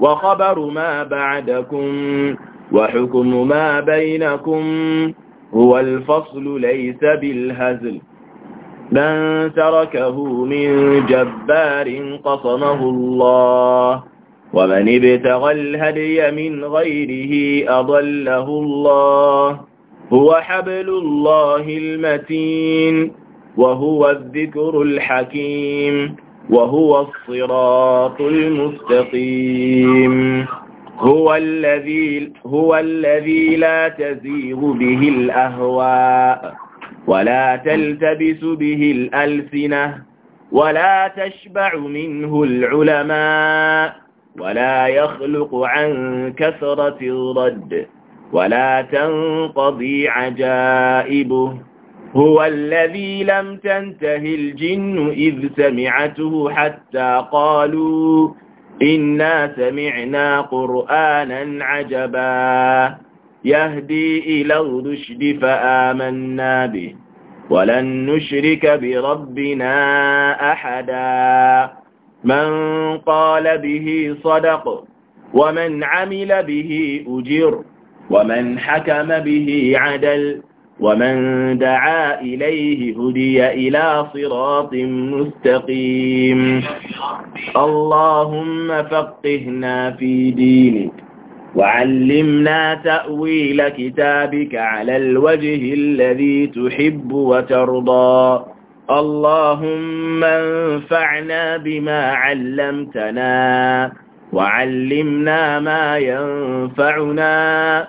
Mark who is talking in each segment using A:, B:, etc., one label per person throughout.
A: وخبر ما بعدكم وحكم ما بينكم هو الفصل ليس بالهزل من تركه من جبار قصمه الله ومن ابتغى الهدي من غيره أضله الله هو حبل الله المتين وهو الذكر الحكيم وهو الصراط المستقيم هو الذي هو الذي لا تزيغ به الأهواء ولا تلتبس به الألسنة ولا تشبع منه العلماء ولا يخلق عن كثرة الرد ولا تنقضي عجائبه هو الذي لم تنتهي الجن إذ سمعته حتى قالوا إنا سمعنا قرآنا عجبا يهدي إلى الرشد فآمنا به ولن نشرك بربنا أحدا من قال به صدق ومن عمل به أجر ومن حكم به عدل ومن دعا إليه هدي إلى صراط مستقيم اللهم فقهنا في دينك وعلمنا تأويل كتابك على الوجه الذي تحب وترضى اللهم انفعنا بما علمتنا وعلمنا ما ينفعنا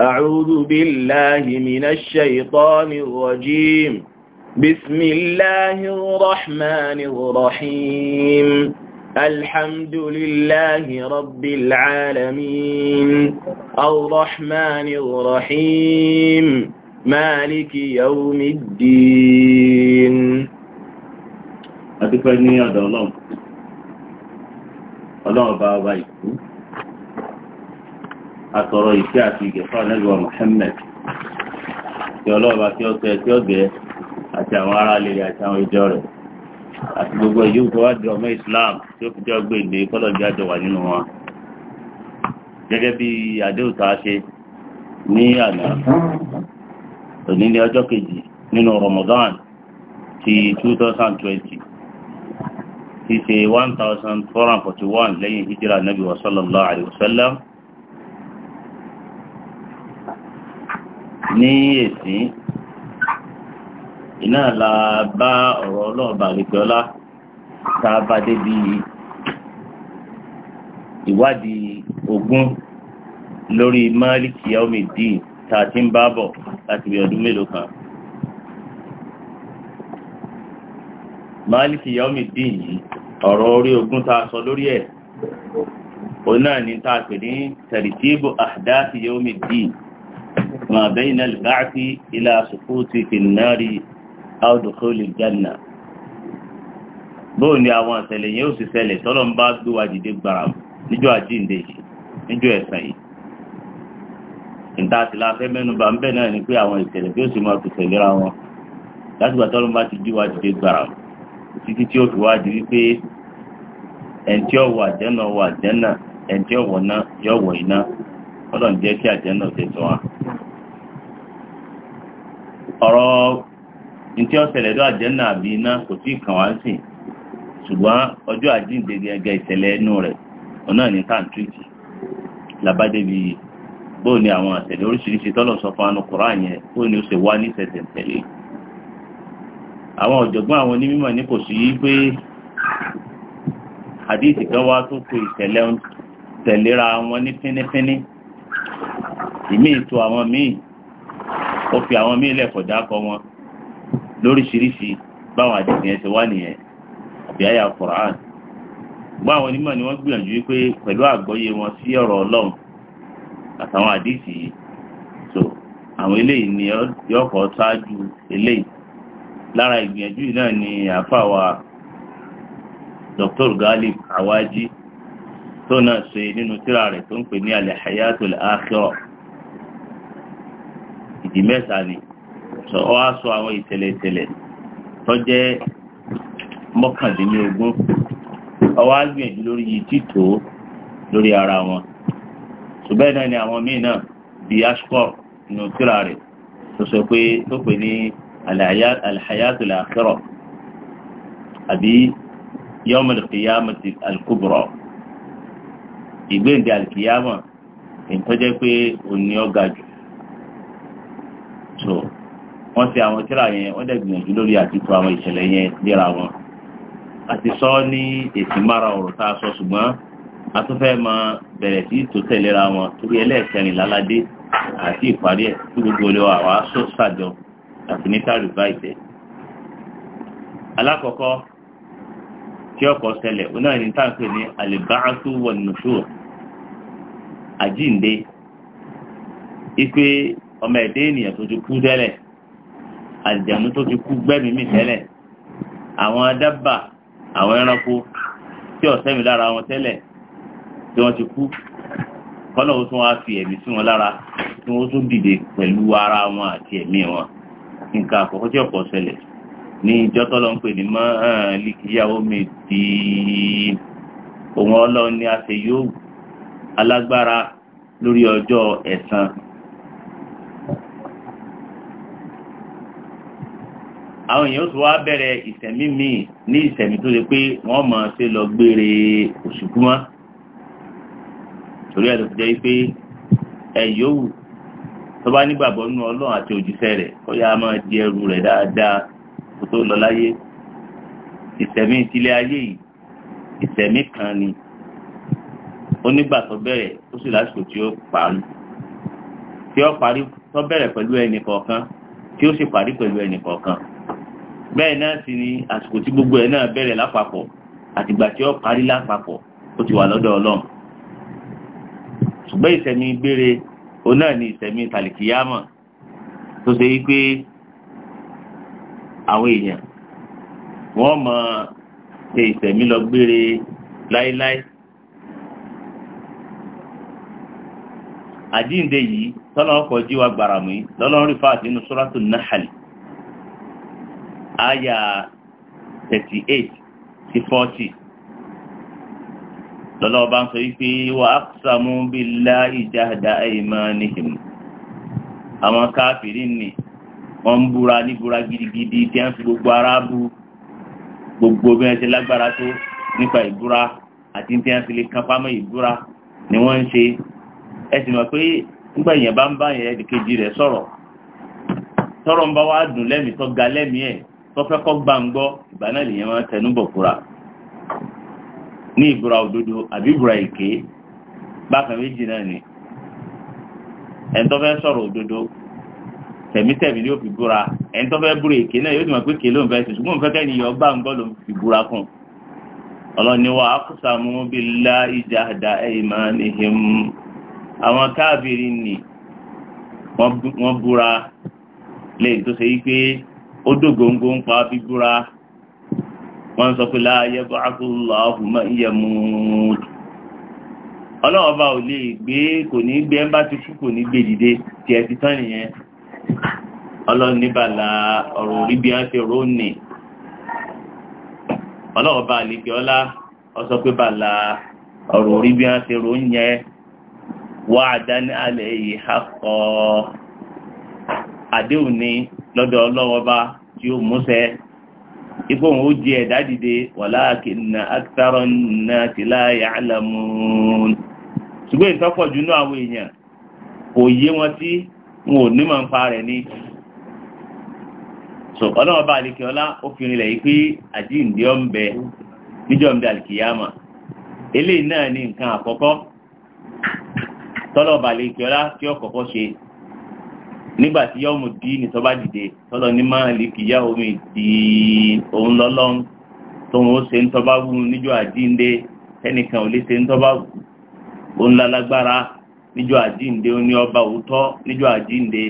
A: أعوذ بالله من الشيطان الرجيم بسم الله الرحمن الرحيم الحمد لله رب العالمين الرحمن الرحيم مالك يوم الدين أتفني يا دولون الله بابا atọ̀rọ̀ ìfẹ́ àti ìgẹ̀fà nẹ́gbẹ̀wá Muhammad tí ọlọ́ọ̀bá tí ó tẹ tí ó gẹ̀ àti àwọn ará ilé rẹ̀ àti àwọn ìjọ rẹ̀ àti gbogbo ìyóò tó wá di ọmọ Islam tí ó fi jẹ́ ọgbẹ́ ìdè kọ́lọ̀dé àjọ wà nínú wọn. gẹ́gẹ́ bí àdéhùn tá a ṣe ní àná òní ní ọjọ́ kejì nínú Ramadan ti 2020 ti ṣe 1441 lẹ́yìn hijira nabi wa sallallahu alayhi wa sallam. ní èsì iná la bá ọ̀rọ̀ ọlọ́ọ̀bà àlejòọ́lá tá a bá débi ìwádìí ogún lórí máàlìkì yaomidi tá a ti ń bá bọ̀ láti bí ọdún mélòó kan. máàlìkì yaomidi yìí ọ̀rọ̀ orí ogún tá sọ lórí ẹ̀ òun náà ni tá pè ní tẹ̀rìtìbù àdáàtì yaomidi ما بين البعث إلى سقوط في النار أو دخول الجنة bóun ni àwọn ìṣẹ̀lẹ̀ yẹn ó sì ṣẹlẹ̀ tọ́lọ́ ń bá gbé wa dìde gbàrà níjọ́ àjíǹde yìí níjọ́ ẹ̀sán yìí níta àti láfẹ́ mẹ́nuba ń bẹ̀ náà ni pé àwọn ìṣẹ̀lẹ̀ bí ó sì máa fi ṣẹlẹ̀ ra wọn látìgbà tọ́lọ́ ń bá ti gbé wa dìde gbàrà títí tí ó fi wá di wípé ẹni tí àjẹ́nà wọ àjẹ́nà ẹni tí ó wọ̀ náà yọ̀ wọ̀ jẹ́ kí àjẹ́nà ṣe sọ wa. ọ̀rọ̀ ntí ọ̀sẹ̀lẹ̀ lọ àjẹ́nà àbí iná kò tí kàn wá sí ṣùgbọ́n ọjọ́ àjíǹde gẹ́gẹ́ ìṣẹ̀lẹ̀ ẹnu rẹ̀ ọ̀nà ní kàǹtìrìtì labádé bí bóò ni àwọn oríṣiríṣi tọ́lọ̀ sọ fún anu ni ó ṣe wá ní àwọn ọ̀jọ̀gbọ́n àwọn onímọ̀ ní kò sí pé kan wá tó ó fi àwọn míì lẹ́kọ̀ọ́ dákọ wọn lóríṣiríṣi báwọn àdìsí yẹn ti wá nìyẹn àbí àyà Qur'an gbọ́ àwọn onímọ̀ ni wọ́n gbìyànjú wípé pẹ̀lú àgbọ́yé wọn sí ọ̀rọ̀ Ọlọ́run àtàwọn àdìsí yìí so àwọn eléyìí ni yọkọ̀ ṣáájú eléyìí lára ìgbìyànjú yìí náà ni àfàwà Dr. Galib Awaji tó náà ṣe nínú tírà rẹ̀ tó ń pè ní al-Hayatul Akhirah ìdí mẹ́ta ni ọ wá sọ àwọn ìtẹ̀lẹ̀ ìtẹ̀lẹ̀ tó jẹ́ mọ́kàndínlógún ọ wá gbìyànjú lórí yìí títò lórí ara wọn ṣùgbọ́n náà ni àwọn míì náà bí ashkor nínú tíra rẹ̀ tó sọ pé tó pè ní alhayatul akhirah àbí yawmul qiyamati al-kubra ìgbéǹde al ìtọ́jẹ́ pé òní ọ̀gá jù so wọ́n ti àwọn tíra yẹn wọ́n dẹ̀ gbìyànjú lórí àtìkù àwọn ìṣẹ̀lẹ̀ yẹn léra wọn a ti sọ ní èsì mara ọ̀rọ̀ tá a sọ ṣùgbọ́n a tún fẹ́ máa bẹ̀rẹ̀ sí tó tẹ̀léra wọn torí ẹlẹ́ẹ̀kẹrin láládé àti ìparí ẹ̀ tí gbogbo olè wa wàá sọ sàjọ àti ní ká rìváìtẹ̀. alákọ̀ọ́kọ́ tí ọkọ̀ ṣẹlẹ̀ ó náà ní táǹpẹ̀ ní àlèbáàtú wọ̀nùṣù àjíǹde ipe ọmọ ẹ̀dẹ́ ènìyàn tó ti kú tẹ́lẹ̀ àjẹ̀mú tó ti kú gbẹ́mìí mì tẹ́lẹ̀ àwọn adábà àwọn ẹranko tí ọ̀sẹ́mi lára wọn tẹ́lẹ̀ tí wọ́n ti kú kọ́nà ó tún wá fi ẹ̀mí sí wọn lára tí wọ́n tún dìde pẹ̀lú ara wọn àti ẹ̀mí wọn nǹkan àkọ́kọ́ tí ọ̀pọ̀ ṣẹlẹ̀ ní ìjọ tọ́lọ́ ń pè ní mọ́ọ̀lìkìyàwó mi di òun ọlọ́run ni a ṣe yóò alágbára lórí ọjọ́ ẹ̀san àwọn èèyàn tó wá bẹ̀rẹ̀ ìtẹ̀mí míì ní ìtẹ̀mí tó ṣe pé wọ́n mọ̀ ṣe lọ gbére òṣùkú mọ́ torí ẹ̀ ló fi jẹ́ pé ẹ̀ yòówù tó bá nígbàgbọ́ nínú ọlọ́run àti òjíṣẹ́ rẹ̀ ó yá máa di ẹrù rẹ̀ dáadáa kó tó lọ láyé ìtẹ̀mí ìtìlẹ̀ ayé yìí ìtẹ̀mí kan ni ó nígbà tó bẹ̀rẹ̀ ó sì lásìkò tí ó parí tí ó parí tó bẹ̀rẹ̀ pẹ̀lú ẹnì kọ̀ọ̀kan tí ó sì parí pẹ̀lú ẹnì kọ̀ọ̀kan bẹ́ẹ̀ náà sì ni àsìkò tí gbogbo ẹ̀ náà bẹ̀rẹ̀ lápapọ̀ àtìgbà tí ó parí lápapọ̀ ó ti wà lọ́dọ̀ ọlọ́run ṣùgbọ́n ìsẹ̀mí gbére òun náà ni ìsẹ̀mí tàlìkìyámọ̀ tó ṣe wípé àwọn èèyàn wọ́n mọ ṣe ìsẹ̀mí lọ gbére láéláé àjíǹde yìí tọ́lọ́ ọkọ̀ jíwa gbàràmù lọ́lọ́run rí fáàtì nínú Suratul Nahl àyà 38 sí 40 lọ́lọ́ọ̀bá ń sọ wípé wà á sàmú billahi jahda aymanihim àwọn káfìrí ni wọ́n ń búra níbúra gidigidi tí wọ́n fi gbogbo ara bú gbogbo bí wọ́n ti lágbára tó nípa ìbúra àti tí wọ́n fi lè kan fámọ́ ìbúra ni wọ́n ń ṣe ẹ sì mọ̀ pé nígbà yẹn bá ń bá yẹn ẹnìkejì rẹ̀ sọ̀rọ̀ sọ̀rọ̀ ń bá wa dùn lẹ́mìí tó ga lẹ́mìí ẹ̀ tọ́fẹ́ kọ́ gbàǹgbọ́ ìgbà náà lèyàn máa tẹnubọ̀ fúra ní ìbúra òdodo àbí ìbúra èké bákan méjì náà ni ẹni tọ́fẹ́ sọ̀rọ̀ òdodo tẹ̀mítẹ̀mí yóò fi búra ẹni tọ́fẹ́ búra èké náà yóò dìmọ̀ pé kèé ló ń fẹ́ ṣe ṣùgbọ́n fẹ́ kẹ́ni yọ gbàǹgbọ́ ló fi búra kùn ọlọ́ni wa aqsamu billahi jahda aymanihim àwọn káàbìrì ni wọ́n búra lẹ́yìn tó ṣe yí pé ó dógóńgó ń pa bíbúra wọ́n sọ pé láàyè bá àkúrò ọ̀hùnmọ́ ìyẹ̀mú ọlọ́wọ́ bá ò lè gbé kò ní gbé ẹ́ bá ti kú kò ní gbé dìde tiẹ̀ ti tán nìyẹn ọlọ́run ọ̀rọ̀ orí bí wọ́n ti rónì ọlọ́wọ́ bá àlejò ọlá ọsọ pé bàlá ọ̀rọ̀ orí bí wọ́n ti rónìyẹ wà á dání alẹ́ yìí akọ àdéhùn ni lọ́dọ̀ ọlọ́wọ́ tí ó múṣẹ ipò òun ó jẹ ẹ̀dá dìde walakinna akthara nnasi la ya'lamun ṣùgbọ́n ìtọ́pọ̀ jù náà àwọn èèyàn kò yé wọn tí wọn ò ní máa ń pa rẹ̀ ní. sọ ọlọ́wọ́ ó fi yìí pé àjíǹde ọ̀ ń bẹ níjọ́ ń bẹ eléyìí náà nígbà tí yọ́ọ̀mù díìnì tó bá dìde tọ́lọ̀ ní kì yá omi di òun lọ́lọ́n tóun ó ṣe ń tọ́ba wù níjọ́ àjíǹde ẹnìkan ò lè ṣe ń tọ́ba wù òun lálágbára níjọ́ àjíǹde ó ní ọba òótọ́ níjọ́ àjíǹde.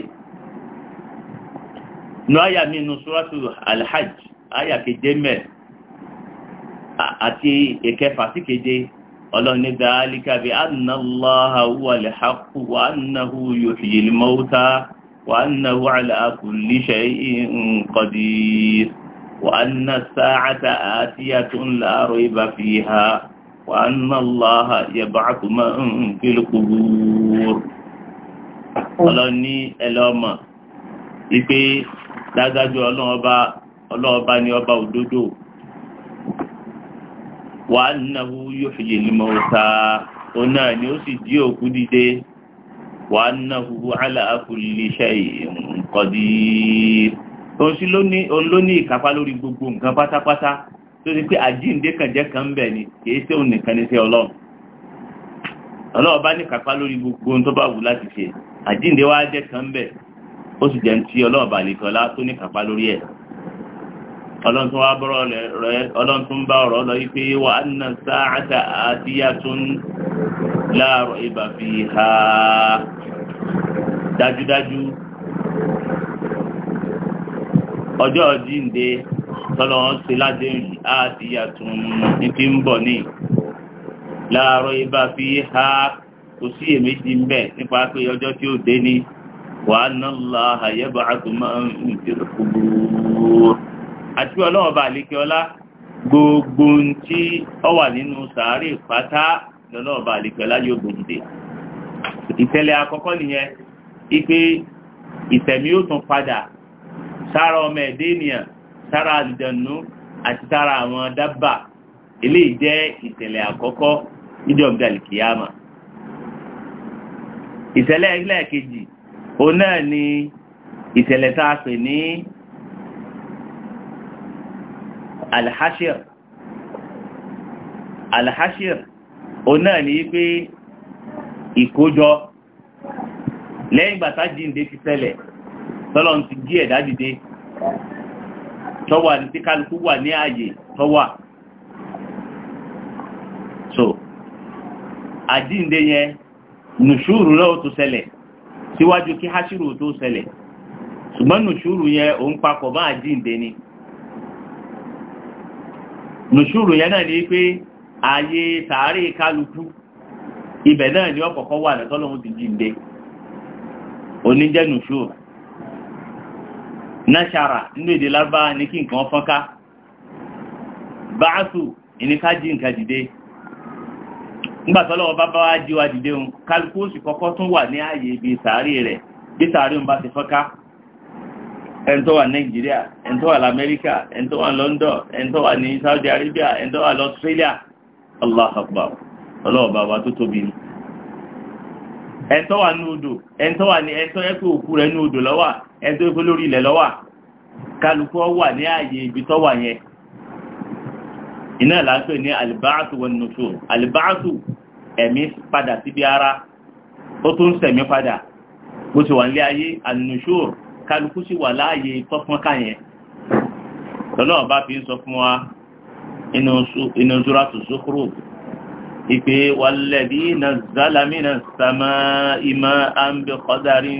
A: nu àyà mi nu suratu alhaj àyà keje mẹ́ àti ìkẹfà sí keje ọlọ́ni وأنه على كل شيء قدير وأن الساعة آتية لا ريب فيها وأن الله يبعث من في القبور ọlọ́ni ẹlọ́mọ̀ wípé dájájú ọlọ́ọba ni ọba òdodo وأنه يحيي الموتى òun náà ni ó sì jí òkú dìde وأنه على كل شيء قدير òun sí ló ní òun ló ní ìkápá lórí gbogbo nǹkan pátápátá tó ti pé àjíǹde kan jẹ́ kan bẹ̀ ni kì í ṣe òun nìkan ní sí ọlọ́run ọlọ́run bá ní ìkápá lórí gbogbo tó bá wù láti ṣe àjíǹde wá jẹ́ kan bẹ̀ ó sì jẹ́ ti ọlọ́run bàlìkọ́lá tó ní ìkápá lórí ẹ̀ ọlọ́run tó wá bọ́rọ̀ rẹ̀ ọlọ́run tó ń bá ọ̀rọ̀ lọ wípé wà á nà sáà àti àtìyá tó ń láàrọ̀ ìbàfihàn dájúdájú ọjọ́ jíǹde tọ́lọ́ ṣe láti rìn àti ní ń bọ̀ ní láàárọ̀ ibà fi ha kò sí èméjì ń bẹ̀ nípa pé ọjọ́ tí ó dé ní wàá ná la àyẹ̀bọ̀ àtúmọ̀ ń àti ọlọ́wọ́ bá ọlá gbogbo ọ wà nínú sàárè pátá ipe ìtẹ̀mí yóò tún padà sára ọmọ ẹ̀dẹ́ ènìyàn sára àdìjànú àti sára àwọn dábà eléyìí jẹ́ ìṣẹ̀lẹ̀ àkọ́kọ́ níjọba àlìkìyàmà ìṣẹ̀lẹ̀ ẹlẹ́ẹ̀kejì òun náà ni ìṣẹ̀lẹ̀ tá a pè ní alhashir alhashir òun náà ni pé ìkójọ lẹ́yìn ti ṣẹlẹ̀ tọ́lọ́ ti jí ẹ̀dá tọ́wà tí kálukú wà ní ààyè tọ́wà so àjíǹde yẹn nùṣúrù tó sẹlẹ̀ síwájú kí háṣírù tó sẹlẹ̀ ṣùgbọ́n nùṣúrù yẹn òun papọ̀ ni nùṣúrù yẹn náà ni pé ààyè ibẹ̀ náà ni wà ti oníjẹ́nu náṣàrà nínú èdè lábá ní kí nǹkan fọ́nká báásù ìníkájí nǹkan dìde nígbàtọ́lọ́wọ́ bá bá wá wa dìde ohun kálukú kọ́kọ́ tún wà ní ààyè ibi sàárì rẹ̀ bí sàárì ohun bá ti fọ́nká wà nàìjíríà london ẹni wà saudi arabia ẹni wà lọ́sítrélíà allah akbar ẹ̀ńtọ́ wà ní odò ẹ̀ńtọ́ wà ní ẹ̀ńtọ́ yẹ pé òkú rẹ̀ ní odò lọ́wà ẹ̀ńtọ́ yẹ pé lórí ilẹ̀ lọ́wà kálukú wà ní ààyè ibi tó wà yẹn iná làásù ní alìbáàtù wọn nùsù alìbáàtù ẹ̀mí padà síbi ara ó tún sẹ̀mí padà bó ti wà nílé ayé ànùsù kálukú sì wà láàyè tọ́fún káyẹn lọ́nà ọba fi ń sọ fún wa inú zúrátù sókúrò ìpè wàlẹ́bí na zálámínà sàmà ìmọ̀ àǹbẹ̀ kọ́dárì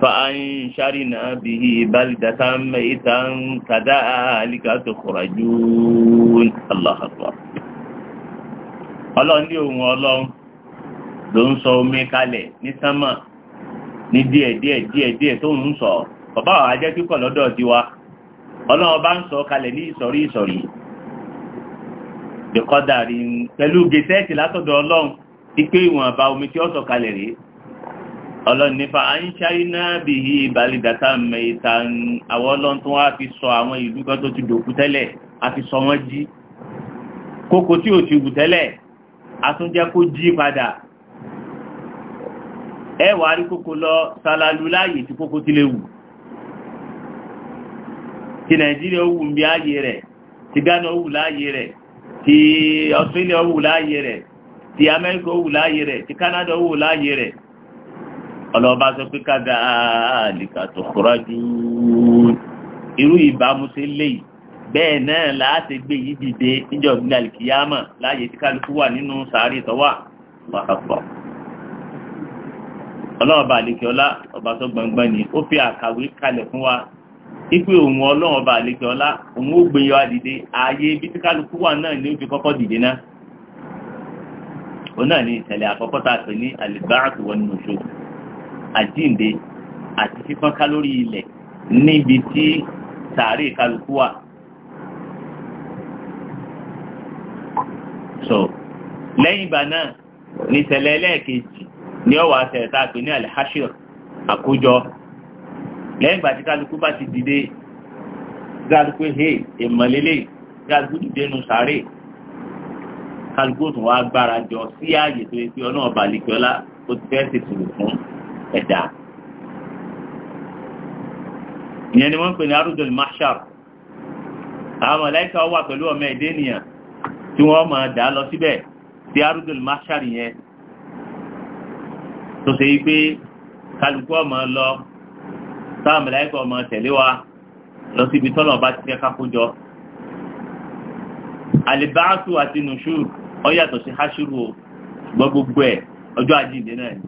A: fa'anṣarina bihi balidatan maitan kadhalika tukhrajun Allahu akbar ọlọ́run ní òun ọlọ́run ló ń sọ omi kalẹ̀ ní sánmà ní díẹ̀ díẹ̀ díẹ̀ díẹ̀ tó ń sọ bàbá àwọn kíkọ̀ lọ́dọ̀ tiwa ọlọ́run bá ń sọ kalẹ̀ ní ìsọ̀rí ìsọ̀rí bẹ̀kọ́dàrí pẹ̀lú gẹ̀ẹ́sẹ̀ẹ̀tì látọ̀dọ̀ ọlọ́run ipé ìwọ̀nba omi tí ó sọ̀kalẹ̀ rèé ọlọ́run nípa àyíṣáyí náà bí i ìbálẹ̀dàtà mẹ́ta àwọn ọlọ́run tó wá fi sọ àwọn ìlú kan tó ti dòkú tẹ́lẹ̀ a fi sọ wọ́n jí kókó tí ò ti wù tẹ́lẹ̀ a tún jẹ́ kó jí padà ẹ wàá rí kókó lọ sàlàlú láàyè tí kókó ti lè wù ti nàìjíríà ó wù ń bí ààyè rẹ̀ ti gánà ó wù láàyè rẹ̀ ti Australia wù láàyè rẹ̀ ti Amẹ́ríkà wù láàyè rẹ̀ ti Canada wù láàyè rẹ̀ ọlọ́ba sọ pé kága àlìkà tó kọ́ra jù irú ìbámu sí léyìí bẹ́ẹ̀ náà láti gbé yìí dìde níjọ́ ìgbìlẹ̀ àlìkìyàmọ̀ láàyè tí kálukú wà nínú sàárì tọ́wà ọlọ́ọ̀bà àlìkìọ́lá ọba tó ipe òun ọlọ́run ọba àlejò ọlá òun ó gbé ibi tí kálukú wà náà ni ó kọ́kọ́ dìde náà o náà ni ìṣẹ̀lẹ̀ àkọ́kọ́ tá a pè ní àlìbáàtù wọn nínú ṣó àjíǹde àti fífọ́n ká ilẹ̀ níbi tí kálukú wà. so lẹ́yìn ìgbà náà ni ìṣẹ̀lẹ̀ ẹlẹ́ẹ̀kejì ni ọ̀wọ́ àṣẹ pè lẹ́yìn ìgbà tí kálukú bá ti dìde kálukú he ìmọ̀lélẹ̀ kálukú dìde nù sáré kálukú tún wá gbára jọ sí ààyè tó yẹ kí ọ náà balẹ̀kọ́lá ó ti fẹ́ ṣètò fún ẹ̀dá. ìyẹn ni wọ́n ń pè ní arúgbòlì marshal àwọn mọ̀lẹ́kà wà pẹ̀lú ọmọ ẹ̀dẹ́ ènìyàn tí wọ́n máa dà lọ síbẹ̀ sí arúgbòlì marshal yẹn tó ṣe yí pé kálukú ọmọ lọ táwọn mẹlẹ́kọ̀ ọmọ tẹ̀lé wa lọ sí ibi tọ́lọ̀ bá ti fẹ́ kákójọ. àlìbáàtù àti nùṣù ọyàtọ̀ sí háṣírù o ẹ̀ ọjọ́ àjíǹde náà ni.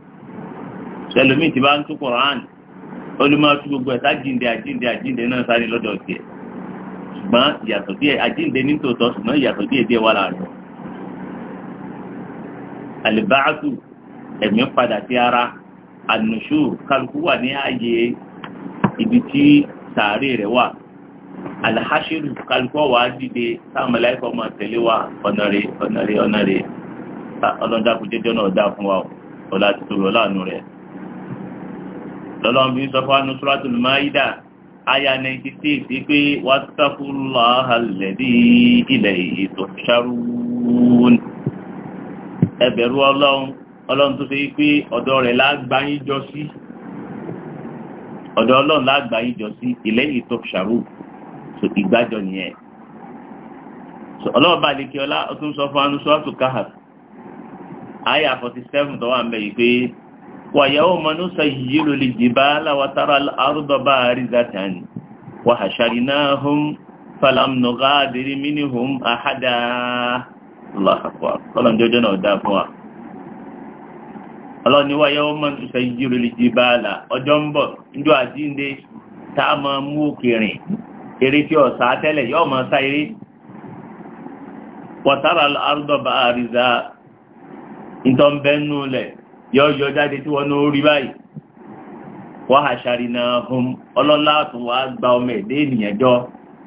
A: sẹlẹ̀mí ti bá ń tún Qur'an olùmọ̀ọ́tú gbogbo ẹ̀ náà sáré lọ́dọ̀ ṣùgbọ́n ìyàtọ̀ ṣùgbọ́n ìyàtọ̀ wà ẹ̀mí padà sí ara kálukú wà ní ààyè ibi tí sàárè rẹ̀ wà alhashiru kálukọ́ wa dìde táwọn mẹ́láìkọ́ ọmọ tẹ̀lé wa ọ̀nàrè ọ̀nàrè ọ̀nàrè ọlọ́dàkú jẹ́jọ́ náà dá fún wa ọ̀la ti tó rọ̀ láàánú rẹ̀ lọ́lọ́run fi sọ fún anu suratul maida aya 96 wípé wattaqullaha alladhi ilayhi tuhsharun ọlọ́run ọlọ́run tó ṣe wípé ọ̀dọ̀ rẹ̀ lágbáyín jọ sí ọ̀dọ̀ ọlọ́run lágbàáyé jọ sí ìlẹ́yìn tó ṣàrù so ìgbàjọ nìyẹn so ọlọ́run bá lè kí ọlá ó tún sọ fún anusọ́ àtò káhà àyà forty seven tó wà ń bẹ yìí pé wàyà ó yìí ló lè jìbá láwàtàrà arúgbọ́bá àrízàtàn wàhásàrì náà hum falamnugadirimini hum àhádà lọ́kàkọ́ ọlọ́run jọjọ́ náà dá fún wa. ọlọ́ni wá yẹ́wọ́ mọ́ ìṣẹ́ ìjírò lè jí báàlà ọjọ́ ń bọ̀ níjọ́ àjíǹde tá a máa mú òkè rìn eré tí ọ̀sà tẹ́lẹ̀ yọ́ máa sá eré wọ̀tára arúgbọ̀bà àrìzà yọ jáde tí wọ́n báyìí wọ́n àṣàrì náà gba ọmọ ẹ̀dẹ́ ènìyàn jọ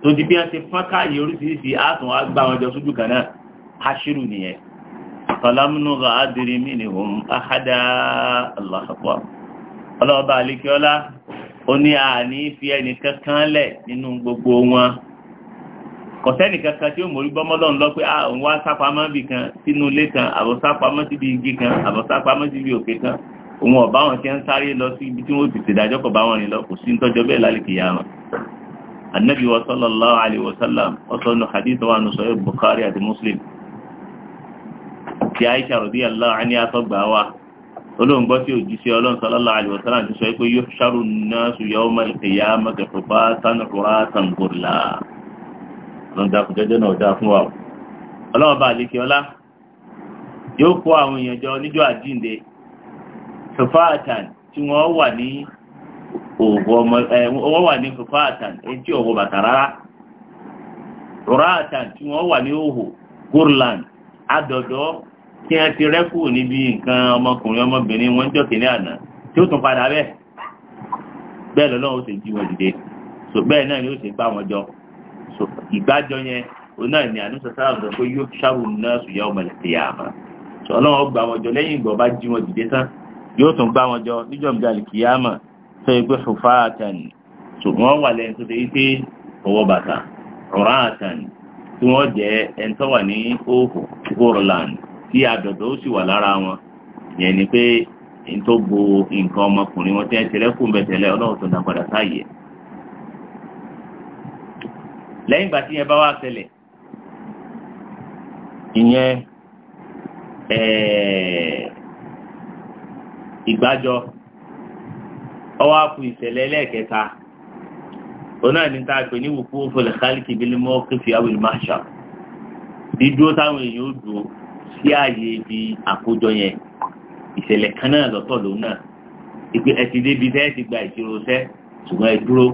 A: tó di bí wọ́n ti fọ́n káàyè oríṣiríṣi àtún wàá gba wọn jọ sójú falamnuga adiri minihum ahada Allahu akbar ọlọ́ọ̀bá alikiola ó ní àní fi ẹnìkan kan lẹ̀ nínú gbogbo wọn kọ̀sẹ́nì kankan tí ó mórí gbọ́mọ́lọ́n lọ pé àwọn ah, wá sápamọ́ bì kan sínú ilé kan àbọ̀ sápamọ́ síbi igi kan àbọ̀ sápamọ́ síbi òkè kan òun ọ̀bá wọn ti ń sáré lọ sí ibi tí wọ́n ti ṣèdájọ́ kọ̀ bá wọn rìn lọ kò sí nítọ́jọ́ bẹ́ẹ̀ lálẹ́kìyà wọn. anabi wa sallallahu alayhi wa sallam ọsọ nu hadith wa nu sọ Bukhari àti Muslim tí Aisha radiyallahu anha àtọ́gbà wa olóńgbọ́ tí òjíṣẹ́ ọlọ́run sallallahu alaihi wasallam ti sọ pé yuhsharu an-nasu yawma al-qiyamati hufatan uratan ghurla lọ́n dáa fún jẹ́jẹ́ náà dáa fún wa o ọlọ́run bá àlékè ọlá yóò kó àwọn èèyàn jọ níjọ́ àjíǹde hufatan tí wọ́n wà ní òwò ọmọ ẹ wọ́n wà ní hufatan etí òwò bàtà rárá uratan tí wọ́n wà ní òhò gurlan adọ̀dọ̀ kí ẹ ti rẹ́kù níbi nǹkan ọmọkùnrin ọmọbìnrin wọn jọ kìnìún àná tí ó tún padà bẹ́ẹ̀ bẹ́ẹ̀ lọ́lọ́run ó sì jí wọn dìde so bẹ́ẹ̀ náà ni ó sì gbá wọn jọ so ìgbájọ yẹn òun náà ni àánú sọ́sọ́ àwọn ọ̀dọ́ pé yóò ṣàrù náà sùn yá ọmọ ìlẹ̀ yà á so ọlọ́run gbá wọn jọ lẹ́yìn ìgbà ọba jí wọn dìde tán yóò tún gbá wọn jọ níjọ́ ìjà kìyàmà tó yẹ pé fòfá àtàní so wọ́n wà lẹ́yìn tó ṣe pé ọwọ́ bàtà ọ̀rá àtàní tí wọ́n jẹ́ ẹ̀ńtọ́ ní òhò ìhòrò láàánú tí àdọ̀dọ̀ ó sì wà lára wọn yẹn ni pé n tó bo nǹkan ọmọkùnrin wọn tí ẹ tẹ̀lé kùn bẹ̀ tẹ̀lé ọlọ́run tó dá padà sáàyè. lẹ́yìn ìgbà tí yẹn bá wá ṣẹlẹ̀ ìyẹn ìgbàjọ ọwọ́ àpò ìṣẹ̀lẹ̀ ẹlẹ́ẹ̀kẹta òun náà ní tá a pè ní wùkú fòlẹ̀ kálíkì bílímọ́ kẹfì awìlmáṣà dídúró táwọn èèyàn ó dùn sí ààyè ibi àkójọ yẹn ìṣẹ̀lẹ̀ kan náà lọ́tọ̀ lòun náà ìpè ẹ ti débi tẹ́ ti gba ìṣirò sẹ́ ṣùgbọ́n ẹ dúró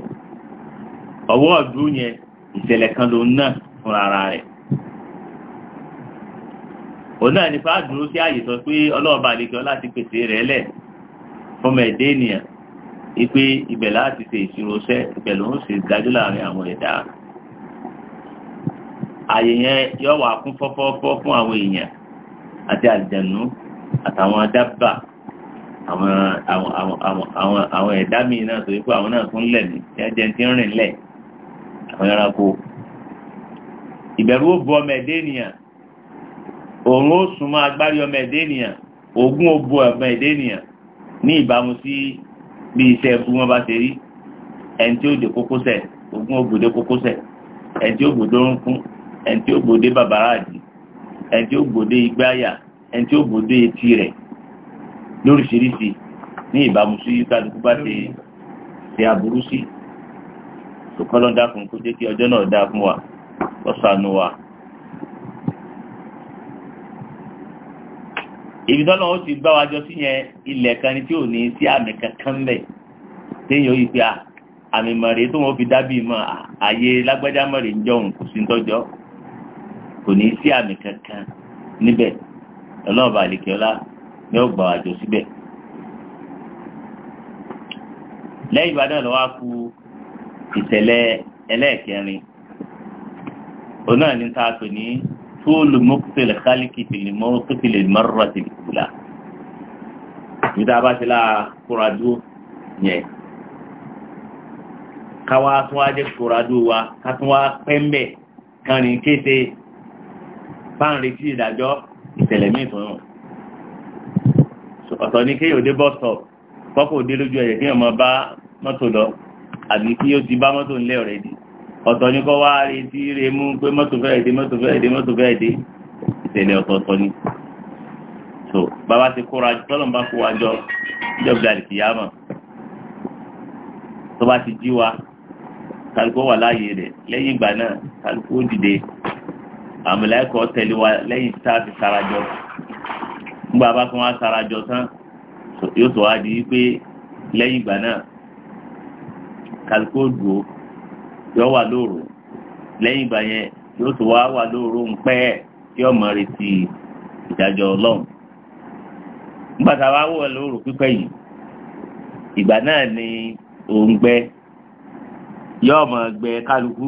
A: ọwọ́ ọ̀dún yẹn ìṣẹ̀lẹ̀ kan lòun náà fúnra ara rẹ̀ òun náà nípa dúró sí ààyè sọ pé ọlọ́ọ̀bà àlejò láti pèsè rẹ̀ lẹ̀ fọmọ ẹ̀dẹ́ ènìyàn ipe ibẹ̀ láti ṣe ìṣirò sẹ́ ibẹ̀ ló ṣe ìdájọ́ láàrin àwọn ẹ̀dá ààyè yẹn yọ wà kún fọ́fọ́fọ́ fún àwọn èèyàn àti àlìjẹ̀nú àtàwọn adábà àwọn ẹ̀dá míì náà tó yẹ pé àwọn náà tún lẹ̀ ní ẹ̀jẹ̀ tí ń rìn lẹ̀ àwọn ẹranko ìbẹ̀rù ó bu ọmọ ẹ̀dẹ́ ènìyàn òun ó súnmọ́ agbárí ọmọ ẹ̀dẹ́ ènìyàn ogun ó bu ọmọ ẹ̀dẹ́ ènìyàn ní ìbámu sí bí iṣẹ́ ẹ̀kú wọn bá ṣe rí ẹni tí ó dé kókósẹ̀ ogun ó kókósẹ̀ ẹni tí ó gbòdé orúnkún ẹni tí ó gbòdé bàbá àdì ẹni tí ó gbòde igbáyà ẹni tí ó gbòde etí rẹ̀ lóríṣiríṣi ní ìbámu sí kálukú bá ṣe ṣe aburú sí dákun kó kí náà fún wa wa. ibi ó ti gbá wa sí yẹn kan ni tí ò ní sí àmì kankan pe téèyàn yìí pé àmì mọ̀rẹ́ fi dábì mọ́ àyè lágbájá mọ̀rẹ́ ń jọun kò kò ní sí àmì kankan níbẹ̀ ọlọ́ọ̀bà àlekèọ́lá ni ó gbà àjọ síbẹ̀. lẹ́yìn ìbàdàn lọ́wọ́ kú ìṣẹ̀lẹ̀ ẹlẹ́ẹ̀kẹrin òun náà ní ta pè ní tóòlù mọ́kútẹ̀lẹ̀ kálíkì tìlì mọ́kútẹ̀lẹ̀ mọ́rọ̀ tìlì kùlà. ìdá bá ti láa kóra dúró yẹn káwá tún wá jẹ́ kóra dúró wa ká tún wá pẹ́ńbẹ̀ kánrin kété bá ń retí ìdájọ́ ìṣẹ̀lẹ̀ míì fún un ọ̀tọ̀ ni kéèyàn dé bus stop kọ́kọ́ òde lójú ẹ̀yẹ kéèyàn máa bá mọ́tò lọ àbí kí ó ti bá mọ́tò ńlẹ̀ ọ̀rẹ́dì ọ̀tọ̀ ni kọ́ wá retí re mú pé mọ́tò fẹ́ẹ̀ dé mọ́tò fẹ́ẹ̀ dé mọ́tò fẹ́ẹ̀ dé ìṣẹ̀lẹ̀ ọ̀tọ̀ọ̀tọ̀ ni so bàbá ti kóra tọ́lọ́n bá kó wa jọ ìjọba àdìkìyàmọ̀ tó bá ti jí wa kálukó wà láàyè rẹ̀ lẹ́yìn ìgbà náà kálukó dìde àmìlẹ́kọ̀ọ́ tẹ̀lé wa lẹ́yìn tá a ti sarajọ ńgbà bá tún wá sarajọ tán yóò sọ wá di wípé lẹ́yìn ìgbà náà kálukó dùn ó yóò wà lóòrò lẹ́yìn ìgbà yẹn yóò sọ wá wà lóòrò ń pẹ́ tí ọmọ ìdájọ́ ọlọ́run ńgbà tá a wá wọ̀ lóòrò pípẹ́ yìí ìgbà náà ni òun gbẹ yóò mọ̀ gbẹ kálukú.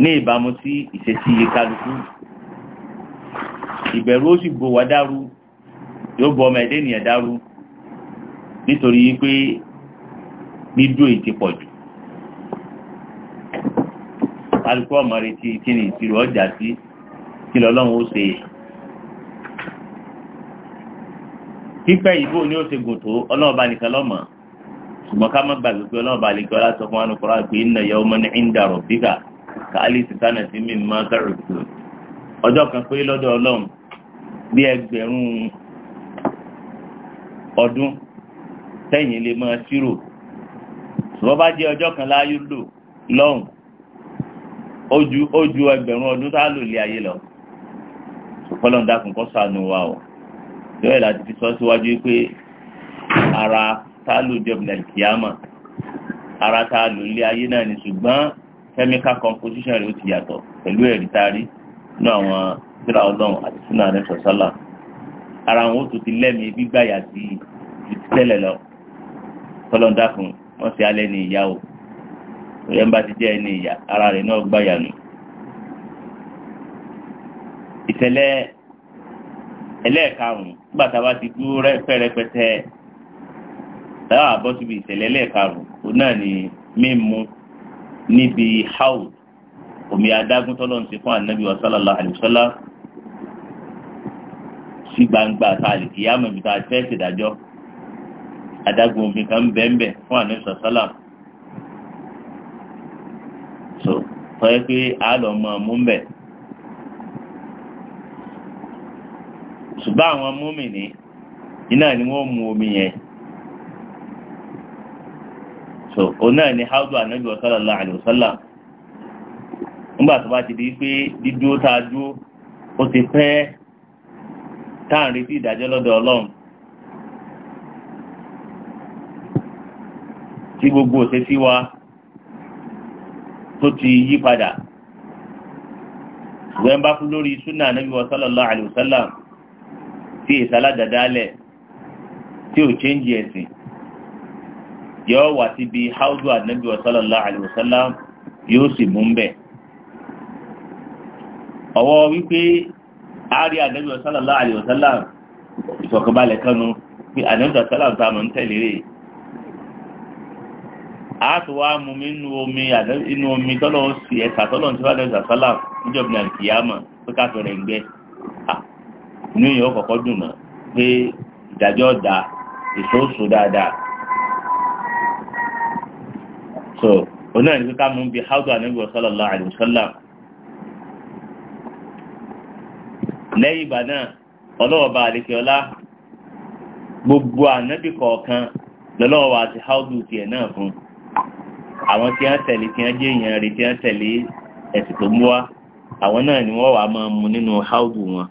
A: ní ìbámu sí ìṣesí kálukú ìbẹ̀rù ó sì bò wá dàrú yóò bọ ọmọ ẹ̀dẹ́ ènìyàn dàrú nítorí pé dídú èyí ti pọ̀ jù ọmọ ti kí ni ìṣirò ọjà sí kí lọ́lọ́run ó ṣe pípẹ́ ìbò ni ó ṣe gùn tó ọlọ́ọ̀bá nìkan lọ́mọ̀ọ́ ṣùgbọ́n ká má gbàgbé pé ọlọ́ọ̀bá lè gbọ́ káàlì sìkánà sí mi máa kẹrù tó ọjọ́ kan pé lọ́dọ̀ ọlọ́run bí ẹgbẹ̀rún ọdún tẹ̀yìn lè máa ṣírò ṣùgbọ́n bá jẹ́ ọjọ́ kan láyé lò lọ́hùn ó ju ẹgbẹ̀rún ọdún tá a lò lé ayé lọ ṣùpọ́lọ́n dákun kọ́ sànù wa o yóò yẹ láti fi sọ síwájú pé ara tá a lò jọ bìlẹ̀ kìámà ara tá a lò lé ayé náà ni ṣùgbọ́n chemical composition rẹ̀ ó ti yàtọ̀ pẹ̀lú ẹ̀rí taari nínú àwọn síra ọlọ́run àti sínú àrẹ sọ̀sálà ara wọn ó tún ti lẹ́mìí gbígbàyà sí ju ti tẹ́lẹ̀ lọ kọ́lọ́ńdà fún wọn sì alẹ́ ní ìyá o ìyẹn bá ti jẹ́ ẹni ìyá ara rẹ̀ náà gbàyà nù. ìṣẹ̀lẹ̀ ẹlẹ́ẹ̀karùn-ún nígbà tá a bá ti dúró pẹ́rẹpẹtẹ táwọn àbọ̀ síbi ìṣẹ̀lẹ̀ ẹlẹ́ẹ̀karùn-ún níbi haud omi adágún tọ́lọ́ ń ṣe fún anabi wa sallallahu alayhi wa sallam sí gbangba tààlì kìyàmù ibi tá a fẹ́ ṣèdájọ́ adágún omi kan bẹ́ẹ̀nbẹ́ fún anabi wa sallam so tọ́yẹ́ pé a lọ mọ ọmú ń ṣùgbọ́n àwọn múmi ní iná ni wọ́n mu omi yẹn so òun ni haudu anabi wa sallallahu alayhi wa sallam nígbà tó ti di pe didu o a ju o ti pẹ́ tá à ń retí ìdájọ́ lọ́dọ̀ gbogbo òṣèṣì wa ti yi pada ṣùgbọ́n bá kú lórí súnà anabi wa sallallahu alayhi wa sallam tí dada aládàdálẹ̀ ti o change yọ wà bi haudu anabi sallallahu alaihi wasallam yóò sì mú ń bẹ̀. wípé àárí anabi sallallahu alaihi wasallam ìfọ̀kànbalẹ̀ kanu pé anabi a omi inú omi tọ́lọ́ sí ẹ̀ka tọ́lọ́ tí wọ́n anabi níjọba náà pé ká ń inú yẹn ó da so onáà ní kíkà mú bí haudu anabi sallallahu alayhi wa sallam lẹ́yìn ìgbà náà ọlọ́ọ̀bá àdékẹ́ọ́lá gbogbo ànábì kọ̀ọ̀kan lọ́lọ́wọ́ àti haudu tiẹ̀ náà fún àwọn tí wọ́n tẹ̀lé tí wọ́n jẹ́ èèyàn rẹ̀ tí wọ́n tẹ̀lé ẹ̀sìn tó mú wá àwọn náà ni wọ́n wàá máa mu nínú haudu wọn.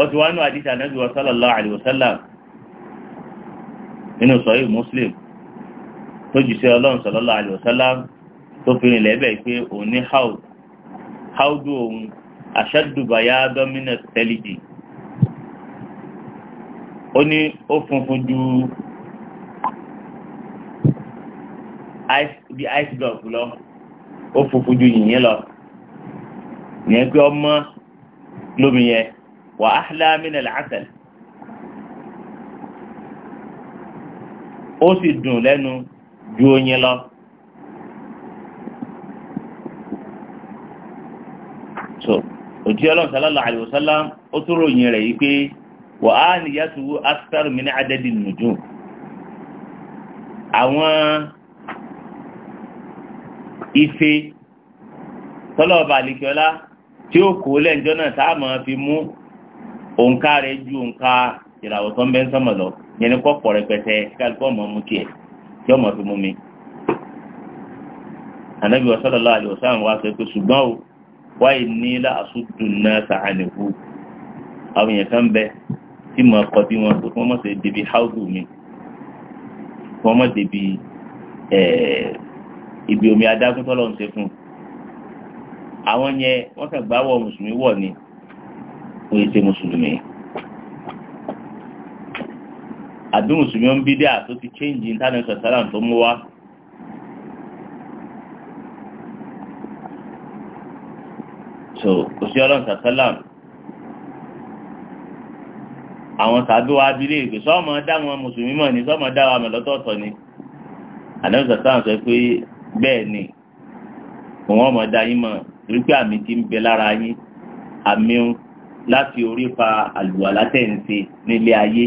A: ọ̀sùn wa nù àdìsí ànábì wa sallallahu alayhi wa sallam nínú sọ́yìn muslim tó jùṣẹ́ ọlọ́run sallallahu alaihi wasallam tó fi rìn lẹ́bẹ̀ pé òun ní haud haudu òun aṣẹ́dùbáyá dominant tẹ́lìjì ó ní ó funfun ju bí ice block lọ ó funfun ju yìnyín lọ yẹn pé ọmọ lómi yẹn wà á mínà làásẹ̀lẹ̀ ó sì dùn lẹ́nu ju oyin lọ. so òtí ọlọ́run sallallahu alaihi wasallam ó tún ròyìn rẹ̀ yìí pé wà á nìyá tu asfaru mi ní adẹ́dì nùdùn àwọn ife tọ́lọ́ọ̀bà àlìkíọ́lá tí ó kó lẹ́njọ́ náà a máa fi mú òǹkà rẹ̀ ju òǹkà ìràwọ̀ tó ń bẹ́ ń lọ. yẹnni kọ́ pọ̀ rẹpẹtẹ kálukọ́ ọmọ mú tiẹ̀ tí ọmọ fi mú mi. ànábi wa sallallahu alaihi wasallam wa sọ pé ṣùgbọ́n o wáyé ní ilá àsùdùn náà sàánìkú àwọn èèyàn kan bẹ tí mo kọ bí wọn kò tí wọ́n mọ̀ sí débi háùdù mi wọ́n mọ̀ débi ibi omi adágún tọ́lọ́ ń ṣe fún un àwọn yẹn wọ́n kàn gbáwọ̀ mùsùlùmí wọ̀ ni kò yẹ ṣe mùsùlùmí àbí mùsùlùmí ń bídíà tó ti change internet sọ̀tàlàn tó mú wá. so kò sí ọlọ́run sọ̀tàlàn àwọn tàbí wa abilé ìgbé sọ́ọ̀mọ́ dá wọn mùsùlùmí mọ̀ ní sọ́ọ̀mọ́ dá wa mọ̀ lọ́tọ̀ọ̀tọ̀ ni àdéhùn sọ̀tàlàn sọ pé bẹ́ẹ̀ ni òun ọmọ dá yín mọ̀ torí pé àmì ti ń bẹ lára yín àmì láti orí pa àlùwàlá tẹ̀ ń ṣe nílé ayé.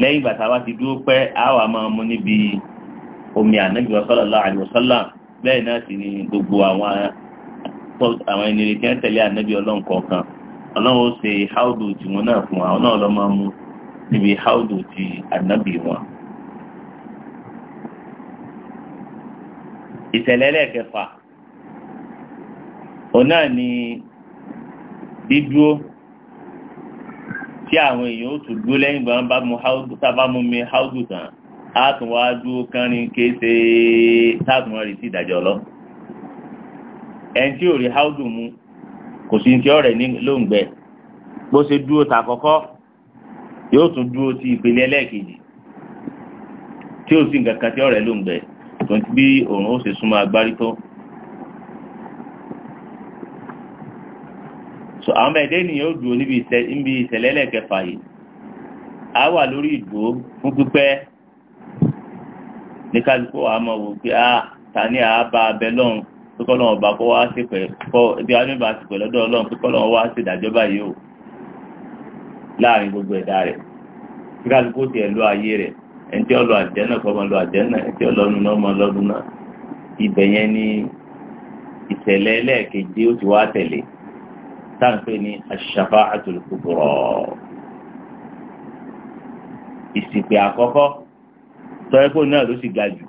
A: lẹ́yìn ìgbà táwa ti dúró pẹ́ àwa máa mú níbi omi ànábì sallallahu alaihi wasallam bẹ́ẹ̀ náà sì ni gbogbo àwọn àwọn ènìyàn tí wọ́n tẹ̀lé ànábì ọlọ́run kọ̀ọ̀kan ọlọ́run ó ṣe háùdù tiwọn náà fún wa ọlọ́run lọ́ máa mú níbi háùdù ti ànábì wọn. ìṣẹ̀lẹ̀ ẹlẹ́ẹ̀kẹfà òun náà ni dídúró tí àwọn èèyàn ó tún dúró lẹ́yìn ìgbà bá mu háùdù sábà mú mi háùdù tán á tún wá dúró kánrin kése táàtún wọn rí sí ìdájọ́ lọ. ẹni tí ò rí háùdù mu kò sí ti ọ̀rẹ́ ní lóǹgbẹ bó ṣe dúró ta kọ́kọ́ yóò tún dúró ti ìpele ẹlẹ́ẹ̀kejì tí ó sì nǹkan kan tí ọ̀rẹ́ lóǹgbẹ tó ń bí òun ó ṣe súnmọ́ agbárí tó so àwọn ọmọ ẹ̀dẹ́ ènìyàn ó dúró níbi ìṣẹ̀lẹ̀ ẹlẹ́kẹfà yìí a wà lórí ìdúró fún pípẹ́ ní kálukú àmọ́ wò pé ah, a ta ní àábá abẹ lọ́hùn pípọ́ ọba kó wá sí pẹ̀ kọ́ bí a níbà sí pẹ̀ lọ́dọ̀ ọlọ́hùn pípọ́ lọ́hùn wá sí ìdájọ́ báyìí o láàrin gbogbo ẹ̀dá rẹ̀ tí kálukú tiẹ̀ lọ ayé rẹ̀ ẹni tí ó lọ àjẹ́nà kọ́ ọmọ lọ àjẹ́nà ẹni tí ó lọ nínú ọmọ lọ́dún náà ibẹ̀ yẹn ni ìṣẹ̀lẹ̀ ẹlẹ́ẹ̀kejì ó ti wá tẹ̀lé táǹpé ní ash-shafa'atul kubra ìsìnkú àkọ́kọ́ tọ́yẹ́pọ̀ náà ló sì ga jù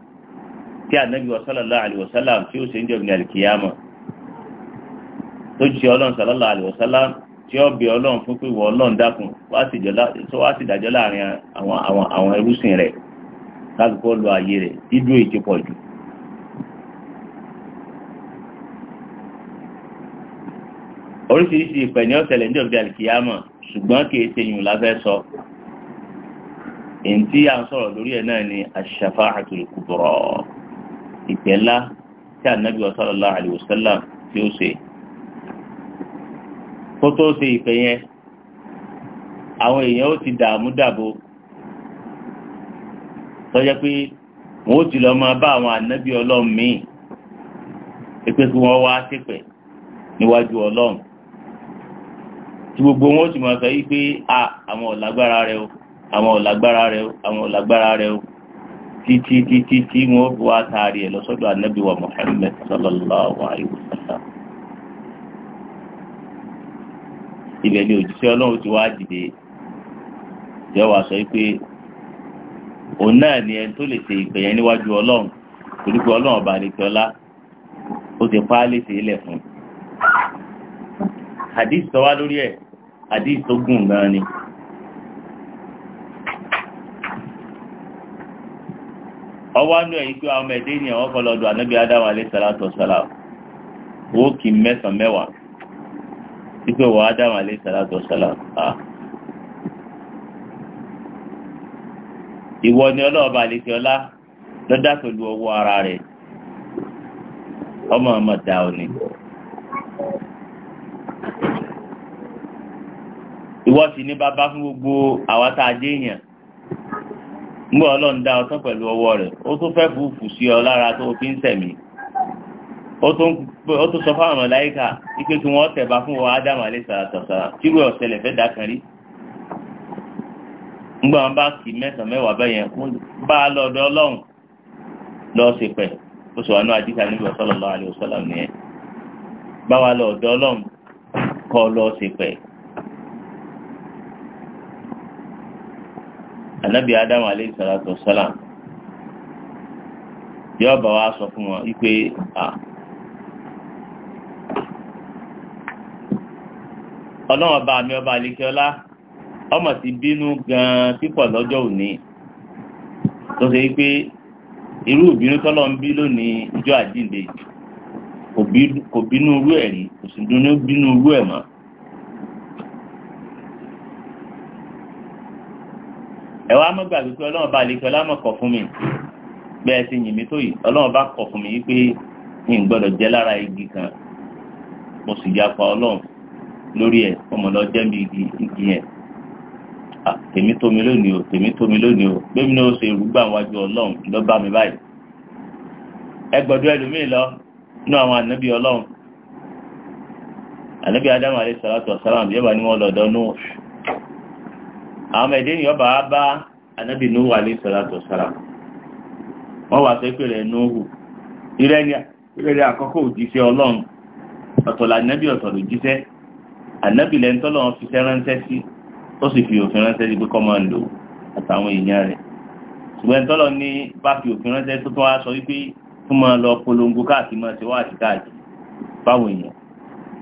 A: tí ànábì sallallahu alaihi tí ó ṣe ń jẹ́ ìbìnrin àlìkìyàmọ̀ tó ṣe ọlọ́run sallallahu alaihi tí ó bẹ ọlọ́run fún pé wọ ọlọ́run dákun wá sì dájọ́ láàrin àwọn ẹrúsìn oríṣiríṣi ìpẹ̀ní ọ̀sẹ̀lẹ̀ ní ọ̀gbìn àlìkìyàmọ̀ ṣùgbọ́n kì í ṣe yùn láfẹ́ sọ èntí à ń sọ̀rọ̀ lórí ẹ̀ náà ni ash-shafa'atul kubra ìpè ńlá tí ànábì sallallahu alaihi wasallam tí ó ṣe kó tó ṣe ìpè yẹn àwọn èèyàn ó ti dààmú dààbò tọ́jẹ́ pé wọ́n ó ti lọ máa bá àwọn ànábì ọlọ́run míì pé kí wọ́n wá ṣépè níwájú ọlọ́run tí gbogbo wọn sì máa sọ yí pé a àwọn ọ̀làgbára rẹ o àwọn ọ̀làgbára rẹ o àwọn ọ̀làgbára rẹ o títí títí tí wọn bu àtàrí ẹ lọ́sọ́dọ̀ anábì wa Muhammad sallallahu alayhi wa sallam. ilẹ̀ ni òjíṣẹ́ ọlọ́run ti wá dìde jẹ́ wàá sọ pé òun náà ni ẹni tó lè ṣe ìpè yẹn níwájú ọlọ́run torí pé ọlọ́run ọba àlejòọlá ó ti pa á léṣe ilẹ̀ fún un. hadith sọ wá lórí ẹ̀ àdíì tó gan ni. ọwọ́ àánú ẹ̀yìn pé àwọn ọmọ ẹ̀dẹ́ ènìyàn wọ́n kọ́ lọ́dọ̀ ànábì alẹ́ sàlátọ̀ kì í mẹ́sàn-án mẹ́wàá wípé wọ́n ádámù alẹ́ sàlátọ̀ sàlám. ìwọ ni ọlọ́ọ̀bà àlejò ọlá lọ́dá pẹ̀lú ara rẹ̀ ọ ni. ìwọ sì ní bàbá fún gbogbo àwa tá a dé èèyàn ńgbà ọlọ́run dá ọtán pẹ̀lú ọwọ́ rẹ̀ ó tún fẹ́ fùfù sí ọ lára tó fi ń sẹ̀mí ó tún sọ fáwọn ọmọláyíkà wípé kí wọ́n tẹ̀bá fún wọn ádámù alẹ́sàràtọ̀sàrà tírú ọ̀sẹ̀lẹ̀ fẹ́ dákan rí ńgbà wọn bá kì mẹ́sàn-án mẹ́wàá bẹ́yẹn bá a lọ ọ̀dọ̀ ọlọ́run lọ sí pẹ̀ ó sọ àánú àdìsá níbi sallallahu alaihi wasallam nìyẹn bá wa lọ ọ̀dọ̀ ọlọ́run kọ́ lọ sí pẹ̀ anabi adam aleyhi salatu salam yóò bá wa sọ fún wọn wípé ọlọ́run ọba mi ọba alekiola ọmọ ti bínú gan-an pípọ̀ lọ́jọ́ òní tó ṣe wípé irú ìbínú tọ́lọ́ ń bí lónìí ìjọ àjínde kò bínú irú ẹ̀ rí kò sì dùn bínú irú ẹ̀ mọ́. ẹ wá mọ́ gbàgbé pé ọlọ́run bá lè pẹ́ lámọ̀ kọ̀ fún mi bẹ́ẹ̀ ti yìn mí tó yìí ọlọ́run bá kọ̀ fún mi yìí pé mi ń gbọ́dọ̀ jẹ lára igi kan mo sì ya pa ọlọ́run lórí ẹ̀ ọmọ lọ jẹ́ mi igi igi yẹn tèmi tó mi lónìí o tèmi tó mi lónìí o gbẹ́mi náà ó ṣe rúgbà wájú ọlọ́run ló bá mi báyìí ẹ gbọ́dọ̀ ẹlòmíì lọ nínú àwọn ànábì ọlọ́run ànábì Ádámù alayhi salatu wassalam bí ẹ bá ní wọn àwọn ẹ̀dẹ́ ènìyàn bá bá anábì nóhù alayhi salatu wassalam wọ́n wà sẹ́pẹ̀ rẹ̀ nóhù ìrẹ́lẹ̀ àkọ́kọ́ òjíṣẹ́ ọlọ́run ọ̀tọ̀lá anábì ọ̀tọ̀ lòjíṣẹ́ anábì lẹ́ńtọ́lọ́run fi ṣẹ́ ránṣẹ́ sí ó sì fi òfin ránṣẹ́ sí pé kọ́ máa lò àtàwọn èèyàn rẹ̀ ṣùgbọ́n tọ́lọ̀ ní bá fi òfin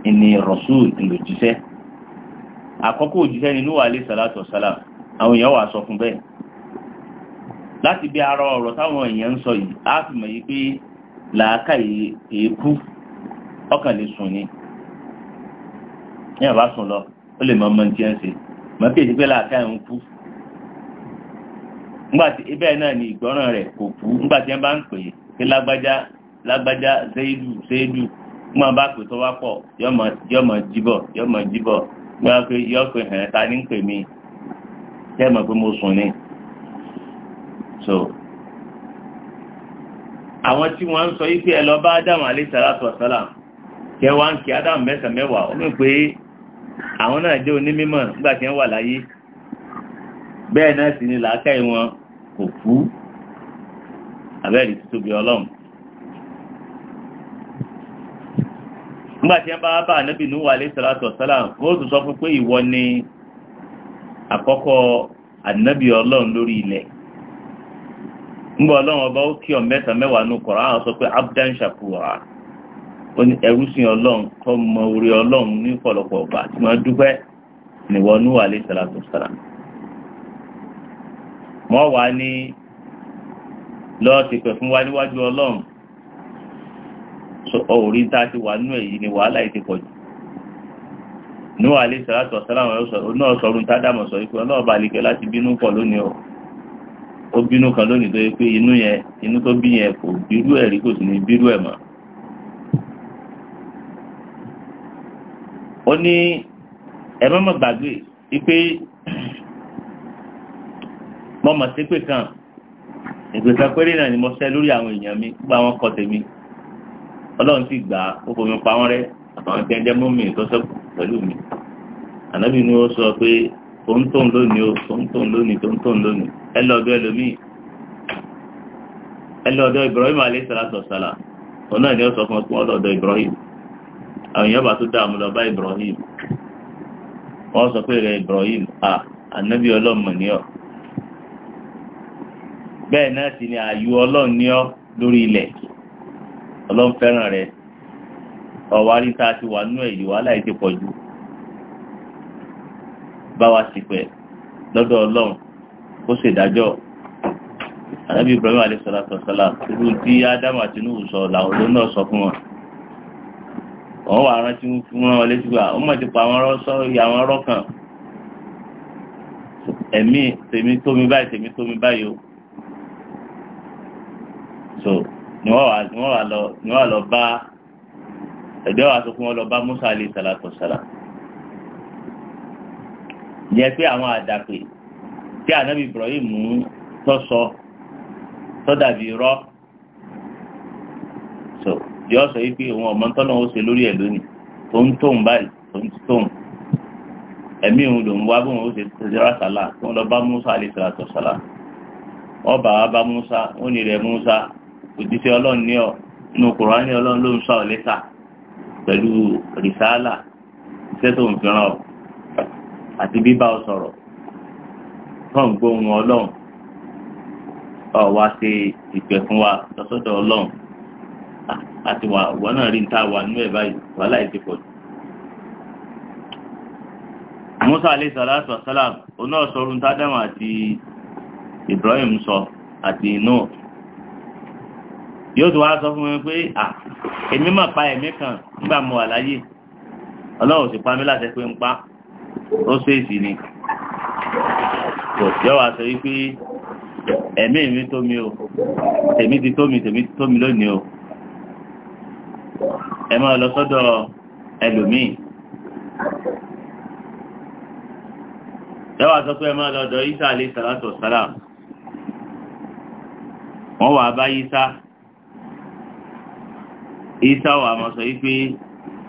A: ìní rọ̀ṣù ìlòjíṣẹ́ àkọ́kọ́ òjíṣẹ́ ni Nuhu alayhi salatu wassalam àwọn èèyàn wà sọ fún bẹ́ẹ̀ láti bí ara ọ̀rọ̀ táwọn èèyàn ń sọ yìí á fi mọ̀ yí pé làákà èékú ọkàn lè sùn ni ní àbá sùn lọ ó lè mọ ọmọ ní ń ṣe mọ̀ kú ngbàtí ibẹ̀ náà ni ìgbọ́ràn rẹ̀ kò kú ngbàtí bá ń pè é lágbájá lágbájá zéédù zéédù pè yọmọ yọmọ jíbọ̀ wọ́n pe yọ pé hẹ̀ ta ní ń pè mí jẹ́ pé mo sùn ni. so àwọn tí wọ́n ń sọ yí pé ẹ lọ bá ádámù alayhi salatu kẹ wá ń kí ádámù mẹ́sàn mẹ́wàá ó mì pé àwọn náà jẹ́ onímọ̀ nígbà tí wọ́n wà láyé bẹ́ẹ̀ náà sì ni làákàyè wọn kò kú abẹ́rẹ́ ti tóbi ọlọ́run nígbàtí ẹ bá bá ànábì ní wà lè sọ́látọ̀ sọ́lá wọ́n tún sọ fún pé ìwọ ni àkọ́kọ́ ànábì ọlọ́run lórí ilẹ̀ ńgbà ọlọ́run ọba ó kí ọ mẹ́ta mẹ́wàá nù kọ̀ọ̀rọ̀ àwọn sọ pé abdan shakura ó ní ẹrú sí ọlọ́run tó mọ orí ọlọ́run ní pọ̀lọpọ̀ ọba tí wọ́n dúpẹ́ níwọ ní wà lè wọ́n wà ní lọ́ọ́ ti pẹ̀ fún wa níwájú ọlọ́run Oh, orí tá a ti wà nínú èyí ni wàhálà yìí ti pọ̀ jù níwà alẹ́ sàlátù ọ̀sálàmù náà sọ̀rọ̀ tá a dàmọ̀ sọ pé ọlọ́ọ̀bà àlekẹ́ láti bínú pọ̀ lónìí o ó bínú kan lónìí tó yẹ pé inú yẹn inú tó bí yẹn kò bírú ẹ̀ rí kò sì ní bírú ẹ̀ mọ́. ó ní ẹ̀mọ́mọ́ gbàgbé wípé mọ́mọ́ sí pé kan ìgbésẹ̀ náà ni mo ṣẹ́ lórí àwọn èèyàn mi gbogbo àwọn kọ́ tèmi ọlọ́run sì gbà ó fomi pa wọ́n rẹ́ àtàwọn tí wọ́n jẹ́ mọ́mì tó sẹ́kù pẹ̀lú mi ànábì ni ó sọ pé tóńtón lónìí o tóńtón lónìí tóńtón lónìí ẹ lọ ọ̀dọ̀ ẹlòmíì ẹ lọ ọ̀dọ̀ Ibrahim alayhi salatu wassalam òun náà ni ó sọ fún ọ pé wọ́n lọ ọ̀dọ̀ Ibrahim àwọn èèyàn bá tó dá àmúlọ bá Ibrahim wọ́n sọ pé rẹ Ibrahim a ànábì ọlọ́mọ ni ọ bẹ́ẹ̀ náà sì ni ààyò ọlọ́run ni ọ lórí ilẹ̀ ọlọ́run fẹ́ràn rẹ ọ̀wárí tá a ti wà nínú èyí wàhálà yìí ti pọ̀ jù bá wa sì pẹ̀ lọ́dọ̀ ọlọ́run ó sì dájọ́ ànábì Ibrahim alayhi salatu wasalam irú tí Ádámù àti Nuhu sọ làwọn olóhùn náà sọ fún wọn wọ́n wà rántí fún wọn létí gbà wọ́n ah, mọ̀ ti pa àwọn ọ̀rọ̀ sọ́rọ̀ ìyá àwọn ọ̀rọ̀ kan ẹ̀mí tèmi tómi báyìí tèmi tómi báyìí o so ni wọ́n wà lọ bá ẹgbẹ́ wa sọ fún wọn lọ bá Musa alayhi salatu wassalam jẹ́ pé àwọn àdàpè tí ànábì Ibrahim tọ́sọ tọ́dàbí rọ́ so yọ sọ yìí pé òun ọmọ tọ́nà ó ṣe lórí ẹ̀ lónìí tó ń tóun báyìí tó ń tóun ẹ̀mí òun lòún wá bóun ó ṣe tẹ̀síra sàlá tó ń lọ bá Musa alayhi salatu wọ́n bá wa bá Musa ó ní Musa òjíṣẹ́ ọlọ́run ní ọ inú kùránì ọlọ́run ló ń sọ lẹ́tà pẹ̀lú rìsáàlà iṣẹ́ tó ń fìràn ọ àti bíbá ọ sọ̀rọ̀ fún gbóhùn ọlọ́run ọ wá ṣe ìpè fún wa lọ́sọ́dọ̀ ọlọ́run àti wà náà rí níta wà nínú ẹ̀ báyìí wàhálà ìdí pọ̀ jù. Musa alayhi salatu wa salam onáà sọ̀rọ̀ ń tádàmà àti Ibrahim sọ àti Nuh yóò tó wá sọ fún mi pé à èmi mà pa ẹ̀mí kan nígbà mo wà láyé ọlọ́run sì pa mí láṣẹ pé ń pa ó ṣèèṣì ni kò yọ wá sọ wípé ẹ̀mí mi tó mi o tèmi ti tó mi tèmi ti tó mi lónìí o ẹ máa lọ sọ́dọ̀ ẹlòmíì lẹ́wà sọ pé ẹ máa lọ́dọ̀ Isa alayhi salatu wassalam wọ́n wà bá Isa isa wà máa sọ yìí pé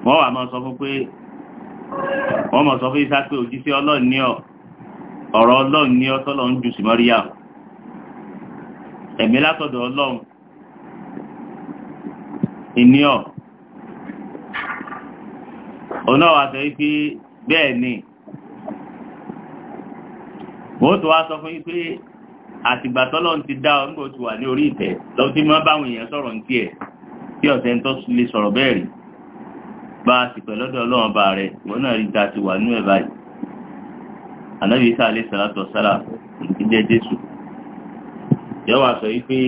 A: wọ́n wà máa sọ fún pé wọ́n máa sọ fún isa pé òjíṣẹ́ ọlọ́run ní ọ ọ̀rọ̀ ọlọ́run ní ọ tọ́lọ̀ ń jù sí mọ́ríyà ẹ̀mí látọ̀dọ̀ ọlọ́run ìní ọ òun náà wà sọ yìí pé bẹ́ẹ̀ ni wọ́n tó wá sọ fún yìí pé àtìgbà tọ́lọ́run ti dá ọ nígbà tó wà ní orí ìtẹ́ lọ́wọ́ tí wọ́n báwọn èèyàn sọ̀rọ̀ ní tiẹ̀ bí ọ̀sẹ̀ ń tọ́ lè sọ̀rọ̀ bẹ́ẹ̀ rí bá a sì pẹ̀lú ọ̀dọ̀ ọlọ́run bá rẹ̀ wọn náà rí ta ti wà nínú ẹ̀ báyìí ànábì isa alẹ́ sàlátọ̀ sára ìjẹ́ jésù yóò wá sọ yìí pé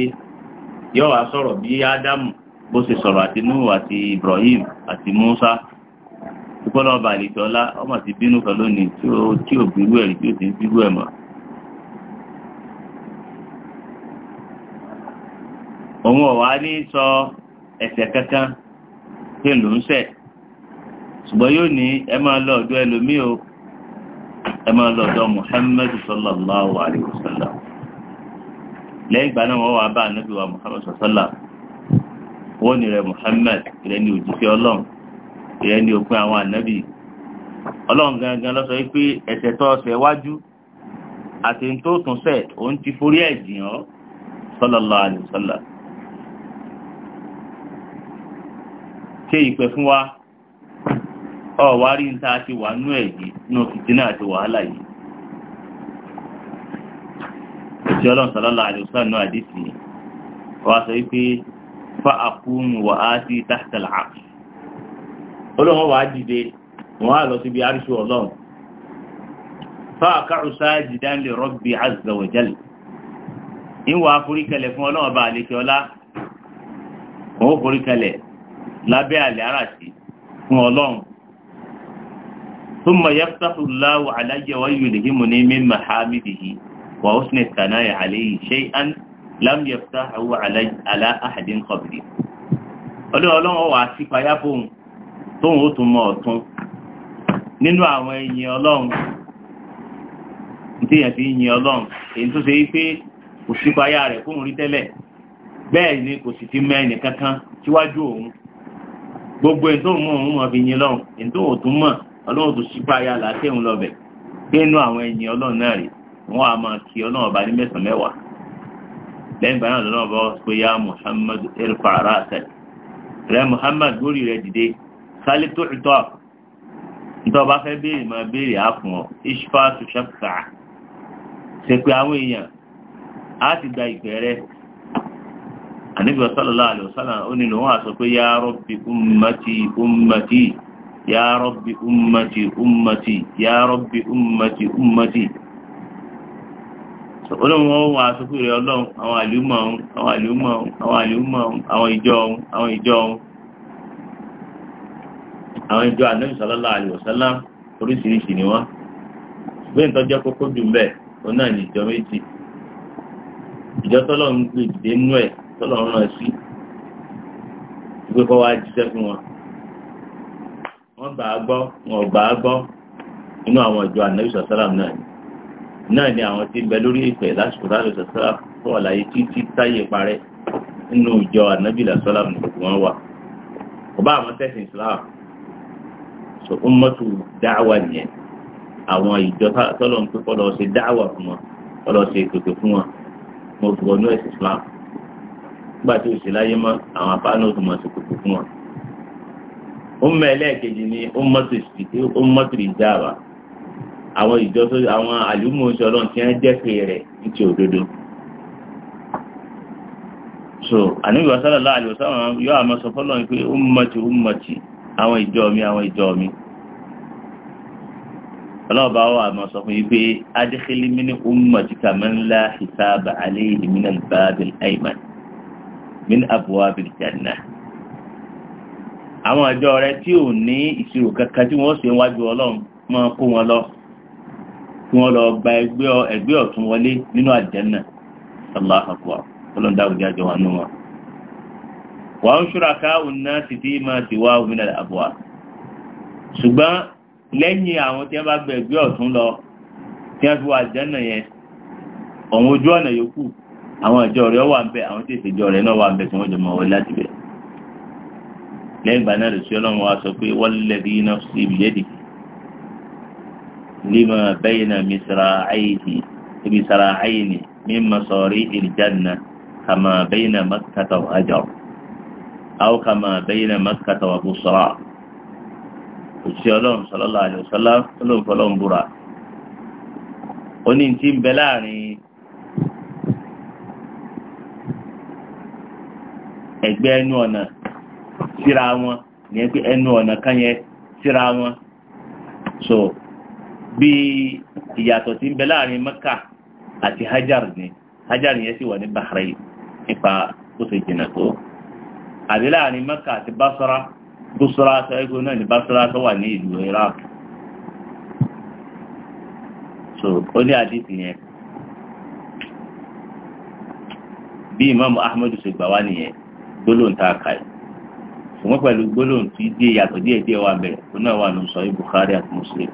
A: yóò wá sọ̀rọ̀ bí ádámù bó ṣe sọ̀rọ̀ àti nuhu àti ibrahim àti musa ìpọ́nlọ́ ọba àlejò ọlá ọmọ ti bínú kan lónìí tí ò bírú ẹ̀ rí tí ò ti ń bírú ẹ̀ mọ́. òun ọ̀wá ní sọ ẹ̀ṣẹ̀ kankan pé ló ń ṣẹ̀ ṣùgbọ́n yóò ní ẹ máa lọ o ẹ máa lọ sallallahu wa sallam lẹ́yìn ìgbà náà wọ́n wá bá wa sallallahu wọ́n ní ni ọlọ́run ìrẹ́ ni òpin àwọn ànábì ọlọ́run gangan ló sọ pé ẹ̀ṣẹ̀ tó ọ̀ṣẹ̀ wájú àti tó tún ṣẹ̀ òun ti forí ẹ̀ jìn ọ́ sallallahu wa sallam. ṣe ìpẹ́ fún wa ọ̀wárí ń ta ti wà nú ẹ̀yí nú fìtínà àti wàhálà yìí ìjọ ọlọ́run sọlọ́lá àdìsọ́ nú àdìsí wa sọ wípé fa àkúmù wà á sí tahtal arsh olóhùn wà á dìde wọn á lọ síbi àríṣù ọlọ́run fa àkàrù sajidan li rabbi azza wa jalla ìwà àforíkalẹ̀ fún ọlọ́run bá àlekẹ́ ọlá òun àforíkalẹ̀ lábẹ́ àlẹ́ àràṣe fún ọlọ́run thumma yaftahu Allahu alayya wa yulhimuni min mahamidihi wa husni thanai alayhi shay'an lam yaftahu ala ahadin qabli ọlọ́run wà sí payá fóun tóun ó tún mọ ọ̀tún nínú àwọn ẹ̀yìn ọlọ́run tíyàn fi yin ọlọ́run èyí tó ṣe wípé kò sí payá rẹ̀ fóun rí tẹ́lẹ̀ bẹ́ẹ̀ ni kò sì ti mọ ẹnì kankan síwájú òun gbogbo ẹ̀ tó mọ̀ òun mọ̀ fi yin lọ́hùn ẹ̀ tó ò tún mọ̀ ọlọ́run tó ṣípa ayá làásì òun lọ́bẹ̀ gbẹ́nu àwọn ẹ̀yìn ọlọ́run náà rè wọ́n á máa kí ọlọ́run ọba ní mẹ́sàn-án mẹ́wàá lẹ́yìn ìgbà náà lọ́nà ọba pé yá Muhammad irfa rasa rẹ Muhammad lórí rẹ dìde sálẹ̀ tó ìtọ́ nítorí ọba fẹ́ béèrè máa béèrè á fún ọ ishfa tó ṣàkóso ṣe pé àwọn èèyàn á ti gba ìpẹ́ rẹ̀ ànábì sallallahu alaihi wasallam ó nílò wọn àsọ pé ya rabbi ummati ummati ya rabbi ummati ummati ya rabbi ummati ummati olóhùn wọn wà sókè rẹ ọlọ́run àwọn àlùmọ ọhún àwọn àlùmọ ọhún àwọn àlùmọ ọhún àwọn ìjọ ọhún àwọn ìjọ ọhún àwọn ìjọ ànábì sallallahu alaihi oríṣiríṣi ni wọn bí nǹkan jẹ́ kókó jù mbẹ òun náà tọ́lọ́run náà sí ìgbé kọ́ wá jíṣẹ́ fún wọn wọ́n gbà á gbọ́ wọn ò gbà á gbọ́ inú àwọn ìjọ ànábì sọ̀sálàm náà ni náà ni àwọn tí ń bẹ lórí ìpẹ́ lásìkò láti sọ̀sálàm tó wà láyé títí táyé parẹ́ nínú ìjọ ànábì làsọ́làm ní gbogbo wọn wà kò àwọn tẹ̀sìn Islam so ummatu da'wa nìyẹn àwọn ìjọ tọ́lọ́run pé kọ́ lọ́ọ́ ṣe da'wa fún wọn kọ́ lọ́ọ́ ṣe ìpèpè fún wọn mo gbọ́ ní ẹ̀sìn Islam nígbà tí òsì láyé mọ́ àwọn afá náà tó máa ṣe kókó fún wọn. ó mọ ẹlẹ́ẹ̀kejì ni ó mọ́tò ìjáàbá àwọn ìjọ tó àwọn àlùmọ̀ oṣù ọlọ́run tí wọ́n jẹ́ pé rẹ̀ ní ti òdodo. so àníwì sallallahu alaihi wasallam yóò àmọ́ sọ fọ́lọ́run pé ó mọ̀tì ó mọ̀tì àwọn ìjọ mi àwọn ìjọ mi ọlọ́ọ̀bá wa ma sọ fún yí pé adékèlé mi ní ummatika man la hisaba alayhi min al min abwabil janna àwọn àjọ rẹ tí ò ní ìṣirò kankan tí wọ́n ṣe wájú ọlọ́run máa kó wọn lọ kí wọ́n lọ gba ẹgbẹ́ ọ̀tún wọlé nínú àjẹ́nà Allahu akbar ọlọ́run dáwùjá jọ wọn nù wọn. wà ń ṣúra káwọn náà sì fi máa ti wá omi náà àbúwá ṣùgbọ́n àwọn tí wọ́n bá gba ẹgbẹ́ ọ̀tún lọ tí wọ́n fi wá àjẹ́nà yẹn ọ̀hún ojú ọ̀nà yòókù àwọn ìjọ rẹ̀ wà ń bẹ àwọn tí ìṣèjọ rẹ̀ náà wà ń bẹ tí wọ́n jọ mọ̀ wọlé láti bẹ̀. lẹ́yìn ìgbà náà lòsí ọlọ́run wa sọ pé wọ́n lẹ́bi iná sí ibi yẹ́dì lima bẹ́yìn mi sara ayéhi ibi sara ayéni mi ma sọ̀rí ìrìjánná kàmá bẹ́yìn makata wa ajar aw kàmá bẹ́yìn makata wa busra. òsì ọlọ́run sallallahu alaihi wasallam ọlọ́run fọlọ́run búra. ó ní ti bẹ láàrin ẹ̀gbẹ́ ẹnu ọ̀nà síra wọn yẹn pé ẹnu ọ̀nà kan yẹn síra wọn so bí ìyàtọ̀ tí ń bẹ láàrin Mẹ́kà àti Hajar ni Hajar yẹn sì wà ní Bahrain nípa kó ṣe jìnnà tó àbí láàrin Mẹ́kà àti Basra Basra tó ẹgbẹ́ náà ní Basra tó wà ní ìlú Iraq so ó ní àdìsí yẹn bí Imam Ahmadu ṣe gbà wá nìyẹn gbólóhùn tá a kà yìí ṣùgbọ́n pẹ̀lú gbólóhùn tí díẹ̀ yàtọ̀ díẹ̀ díẹ̀ wà bẹ̀rẹ̀ tó náà wà ní sọ Bukhari àti Muslim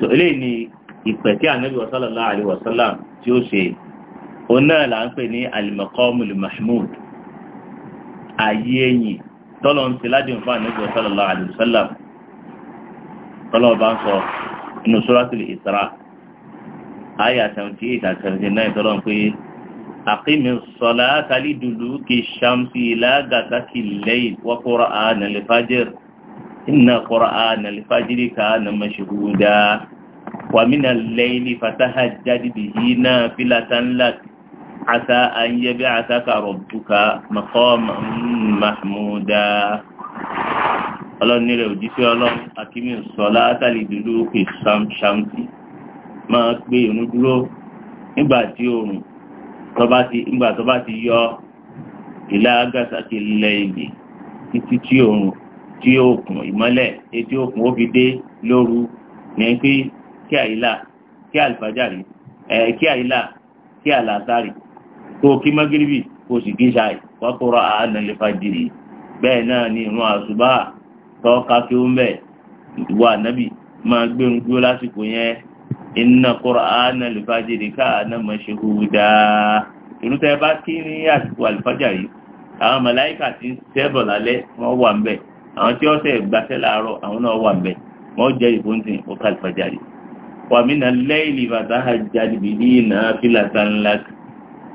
A: so eléyìí ni ìpè tí anabi sallallahu alaihi wasallam tí ó ṣe òun náà là ń pè ní al mahmud ayé ẹ̀yìn tọ́lọ̀ ń ti ládìí fún anabi sallallahu alaihi wasallam tọ́lọ̀ bá ń sọ inú Isra ayé àtẹ̀wọ̀n tí èyí tàbí tẹ̀wọ̀n tọ́lọ̀ ń pè é. أقم الصلاة لدلوك الشمس إلى غسق الليل وقرآن الفجر إن قرآن الفجر كان مشهودا ومن الليل فتهجد به نافلة لك عسى أن يبعثك ربك مقاما محمودا ọlọ́run nílẹ̀ òjíṣẹ́ ọlọ́run akíní sọlá átàlì dúdú kì sàmṣàmṣì máa pé ìrun dúró nígbà tí oòrùn tọba ti ngbà tọba ti yọ ìlà agasaki lẹ́yìnbí títí tí òun tí òkun ìmọ́lẹ̀ etí òkun ó fi dé lóru ní pé kí àyílà kí àlùfájàrí ẹ kí àyílà kí àlàsárì kó kí mọ́gíríbì kó sì kí ṣáì wọ́n kóra àánàlẹ́ náà ni ìrun àṣùbà tọ́ káfíńbẹ̀ ìwà ànábì máa gbé ń gbó lásìkò yẹn inna qur'ana al-fajri kana mashhuda ìrútẹ́ bá kí ní àsìkò àlùfájà yìí àwọn màláíkà tí ń tẹ́bọ̀ lálẹ́ wọ́n wà ń bẹ̀ àwọn tí wọ́n tẹ̀ gbaṣẹ́ láàárọ̀ àwọn náà wà ń bẹ̀ wọ́n jẹ́ ìfóńtì ọkọ̀ àlùfájà yìí wà mí nà lẹ́yìn fatahajjad bihi nafilatan lak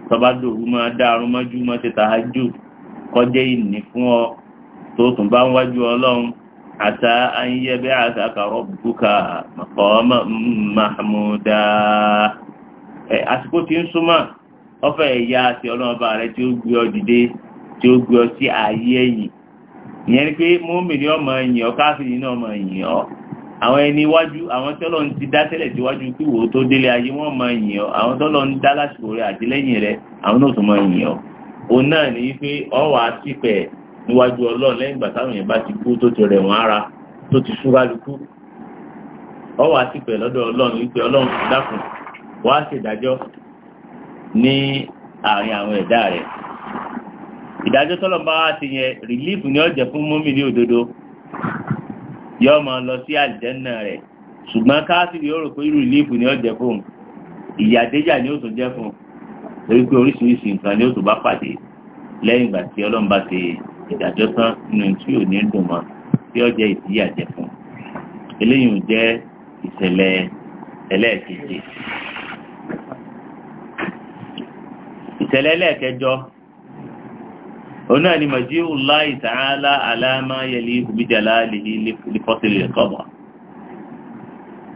A: tọ́ba dòru máa dáarun mọ́jú mọ́ ṣe tahajjud kọjá ìní fún ọ tó tún bá ń wájú ọlọ́run àtà ayẹbẹ́ àtàkàrọ̀ bùkà maqama mahmuda ẹ̀ àsìkò ọ ọ pé mọ́mìnì ọmọ ọ náà ọmọ ẹ̀yìn ọ àwọn ẹni iwájú àwọn tọ́lọ̀ ń ti dá tẹ́lẹ̀ síwájú kí wò ó ọ àwọn tọ́lọ̀ ń dá lásìkò rẹ àtìlẹ́yìn rẹ àwọn náà tó mọ ọ òun náà ní níwájú ọlọ́run lẹ́yìn ìgbà táwọn yẹn bá ti kú tó ti rẹ̀ ara tó ti súrálukú ọwọ́ àti pẹ̀ lọ́dọ̀ ọlọ́run wípé ọlọ́run ti dákun ní àárín àwọn ẹ̀dá rẹ̀ ìdájọ́ bá wá ti ni fún mọ́mì ní òdodo lọ sí rẹ̀ ṣùgbọ́n rò pé irú relief ni fún ni ó tún jẹ́ fún torí pé oríṣiríṣi nǹkan ni ó tún bá pàdé lẹ́yìn ìgbà tí ọlọ́run bá ti ìdájọ́ tán nínú tí ò ní dùn mọ́ tí ó jẹ́ ìdíyàjẹ fún eléyìí jẹ́ ìṣẹ̀lẹ̀ ẹlẹ́ẹ̀kejì ìṣẹ̀lẹ̀ ẹlẹ́ẹ̀kẹjọ òun náà ni mọ̀jíù láì tààlà àlàmà yẹlí ìkùbíjàlá lè fọ́sílẹ̀ kọ́bọ̀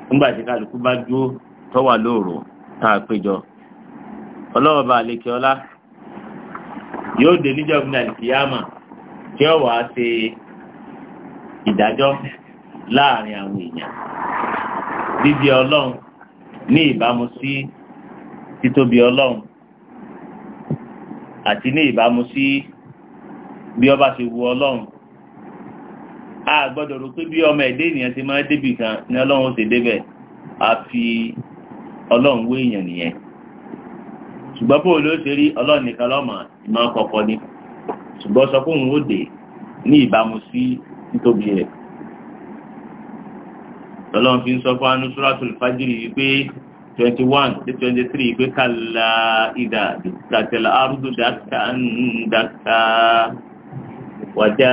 A: nígbà tí kálukú bá dúró tó wà lóòrò tá a péjọ ọlọ́wọ́ àlekè ọlá yóò dé níjọ́ gbìyànjú kìyàmà tí ó wàá ṣe ìdájọ́ láàrin àwọn èèyàn bíbí ọlọ́run ní ìbámu sí títóbi ọlọ́run àti ní ìbámu sí bí ọba ṣe wu ọlọ́run a gbọ́dọ̀ rò pé bí ọmọ ẹ̀dẹ́ ènìyàn ti máa débì kan ní ọlọ́run ó ṣe débẹ̀ a fi ọlọ́run wé èèyàn nìyẹn ṣùgbọ́n bó ló ṣe rí ọlọ́run nìkan lọ́mọ ìmọ̀ kọ̀ọ̀kan ni. Koloma, ṣùgbọ́n sọ pé òun ó dé ní ìbámu sí títóbi rẹ̀ ọlọ́run fi ń sọ fún anusuratul fajiri wípé twenty one dé twenty three pé kàlá ìdá dàtẹ̀lá arúgbó dàkà ń dàkà wàjá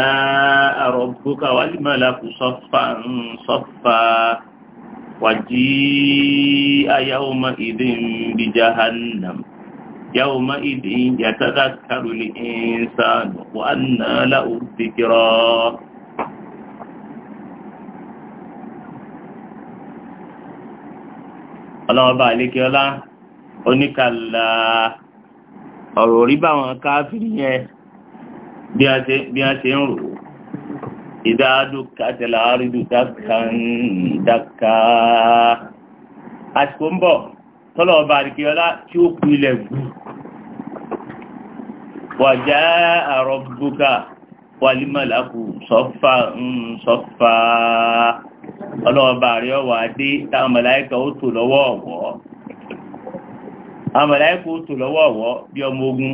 A: àrọ̀bùkà wàlímàlàkù sọ́fà ń sọ́fà wàjí ayáwó ma ìdí ń bí jahannam. يومئذ يتذكر الإنسان وأنى له الذكرى ọlọ́ọ̀bá àlékiọlá oníkàlà ọ̀rọ̀ orí báwọn káfírí yẹn bí a ṣe ń rò ìdáadó kàtẹ̀lá àrídù dákàá àsìkò ń bọ̀ tọ́lọ̀ọ̀bá àlékiọlá tí ó kú ilẹ̀ gbùn wàjá àrọ̀bùkà wàlímọ̀lákù sọ́fà ń sọ́fà ọlọ́ọ̀bà rí ọwà dé táwọn mọ̀láíkà ó tò lọ́wọ́ ọ̀wọ́ àwọn mọ̀láíkà ó tò lọ́wọ́ ọ̀wọ́ bí ọmọ ogun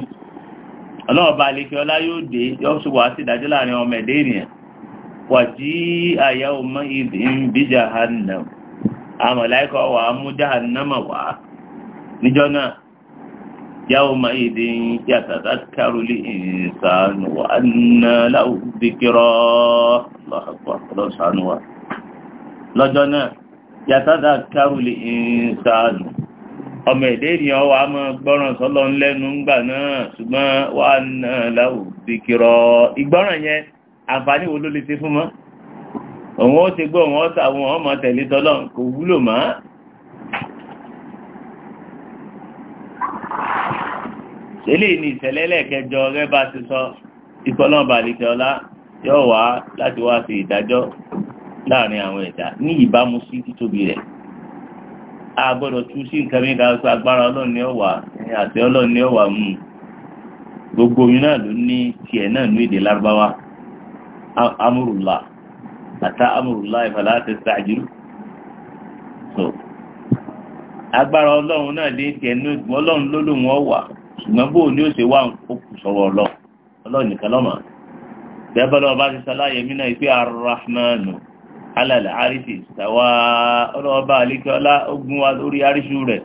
A: ọlọ́ọ̀bà alẹ́kẹ́ ọlá yóò dé yóò sọ wà sí ìdájọ́ láàrin ọmọ ẹ̀dẹ́ ènìyàn wàjí àyà ọmọ jahannam àwọn mọ̀láíkà mú jahannam wà náà يومئذ يتذكر الإنسان وأنى له الذكرى الله أكبر الله سبحانه وتعالى لجنا يتذكر الإنسان ọmọ èdè ènìyàn wa mọ́ gbọ́ràn sọ́lọ́ lẹ́nu ńgbà náà ṣùgbọ́n wà náà láwù dìkìrọ̀ ìgbọ́ràn yẹn àǹfààní wo ló lè ṣe fún mọ́ òun ó ti gbọ́ òun ó sàwọn ọmọ tẹ̀lé kò wúlò mọ́ eléyìí ni ìṣẹ̀lẹ̀ rẹ bá ti sọ wá láti wá sí ìdájọ́ láàrin àwọn ẹ̀dá ní ìbámu sí títóbi rẹ̀ a gbọ́dọ̀ tú sí nǹkan mi kan agbára ọlọ́run ni ó wà àti ọlọ́run ni ó wà mú gbogbo oyún náà ló ní tiẹ̀ náà ní èdè lárúbáwá amúrùlá àtà amúrùlá ìfàlà àti agbára ọlọ́run náà dé tiẹ̀ ní ọlọ́run ló wà. ṣùgbọ́n bó ni ó ṣe wá òkú sọ̀rọ̀ ọlọ́ ọlọ́ nìkan lọ́mọ. bẹ́ẹ̀ lọ́wọ́ bá ti ṣàlàyé mí náà pé arahmanu alàlẹ́ àríṣì ṣàwá ọlọ́wọ́ bá àlékọ́lá ogun wa lórí àríṣù rẹ̀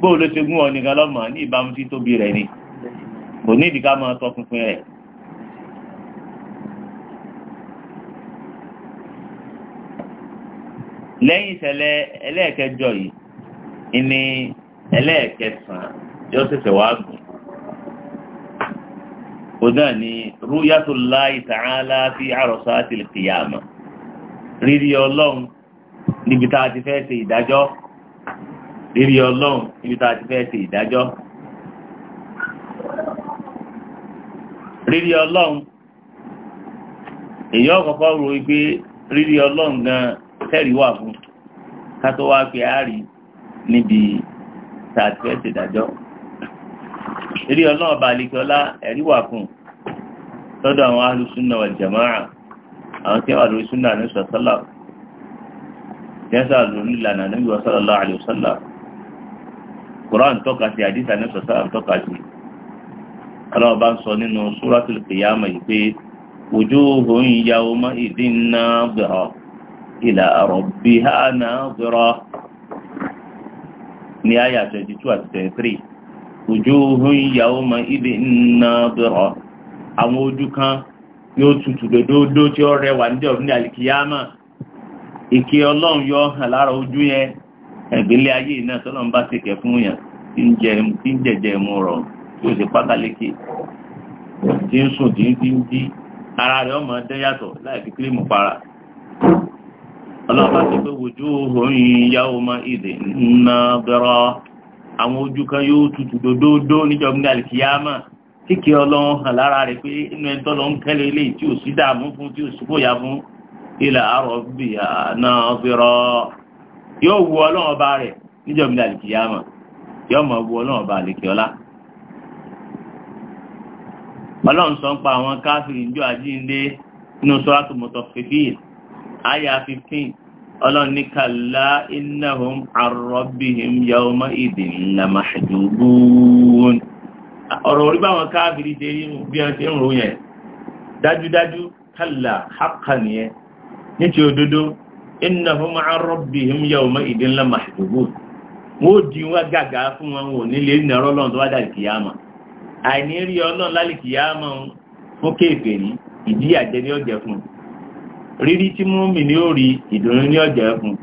A: bó ló ṣe gún ọ nìkan lọ́mọ ní ìbámu tí tóbi rẹ̀ ni kò ní ìdíkà máa tọ́ pinpin rẹ̀. lẹ́yìn ìṣẹ̀lẹ̀ ẹlẹ́ẹ̀kẹjọ yìí ni ẹlẹ́ẹ̀kẹsàn-án yóò ṣẹ̀ṣẹ̀ wá gùn náà ni rúyàtúláì tààlà fi àròsọ àti kìyàmà rírí ọlọ́run níbi tá a ti fẹ́ ṣe ìdájọ́ rírí ọlọ́run níbi tá a ti fẹ́ ṣe ìdájọ́ rírí ọlọ́run èyí ọ̀kọ̀ọ̀kọ̀ rò wípé rírí ọlọ́run gan tẹ́rì wà fún ká tó wá pé a rí níbi tá ti fẹ́ ṣe ìdájọ́ eré ọlọ́ọ̀bà àlekọ́lá ẹ̀rí wà fún tọ́dọ̀ àwọn alùsùnà wal jamaa àwọn tí wà lórí súnà ní sọ̀sọ́là jẹ́sà lórí ìlànà ní ìwọ sallallahu alaihi wasallam Quran tọ́ka sí àdìsá ní sọ̀sọ́là tọ́ka sí ọlọ́ọ̀bá ń sọ nínú suratul qiyamah yìí 22 àti 23 wujuhun yawma idhin nadira àwọn ojú kan yóò tutù dòdòdó tí ó rẹwà ní ọ̀run alikiyama ike ọlọ́run yọ hàn ojú yẹn ayé náà tọ́lọ́run bá ti kẹ̀ fún yàn tí ń jẹ̀jẹ̀ mú rọ̀ tí ó sì tí ń sùn tí ń tí ń ara rẹ̀ ọmọ dẹ́ yàtọ̀ láì fi kírímù para bá ti àwọn ojú kan yóò tutù dòdòdó níjọ́ gbé àlìkìyàmà kíkẹ Ọlọ́run hàn lára rẹ̀ pé inú ẹni tọ́lọ ń kẹ́lẹ̀ eléyìí tí ò sí dààmú fún tí ò sí fòyà fún ilà àárọ̀ bì náà fi rọ yóò wu Ọlọ́run ọba rẹ̀ níjọ́ gbé àlìkìyàmà yóò mọ̀ wu Ọlọ́run ọba àlìkìyọlá ọlọ́run sọ ń pa àwọn káfíìn ìjọ àjíǹde nínú sọ́ràtù mọ̀tọ̀fífì àyà 15 ọlọ́run ní kàlá innahum arọ́bìhìm yawma ìdìn lamahjubun ọ̀rọ̀ orí báwọn káàbìrì ṣe rí bí wọ́n ti ń ro yẹn dájúdájú kàlá hàkà nìyẹn ní ti òdodo innahum arọ́bìhìm yawma ìdìn lamahjubun wọ́n di wá gàgà fún wọn wò nílé ìnàrọ́ lọ́n tó wá dà kìyàmà àìní rí ọlọ́run lálẹ́ kìyàmà fún kéèfèrí ìdí àjẹni ọ̀jẹ̀ fún un rírí tí mú mi ní ó rí ìdùnnú ní ọ̀jẹ̀ ẹ̀kùn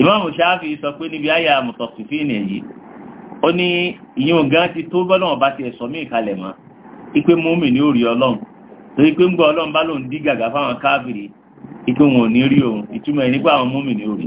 A: ìmáàmù ṣááfì sọ pé níbi àyà mùtọ̀sífì nìyí ó ní ìyẹn gan ti tó bọ́lá ọba bá ti ẹ̀sọ́ mí ìkalẹ̀ mọ́ mú mi ní ó rí ọlọ́run torí pé ń gbọ́ ọlọ́run bá lòun dí gàgà fáwọn káàbìrì ipe wọn ò ní rí òun ìtumọ̀ ẹ̀ nípa àwọn mú mi ní ó rí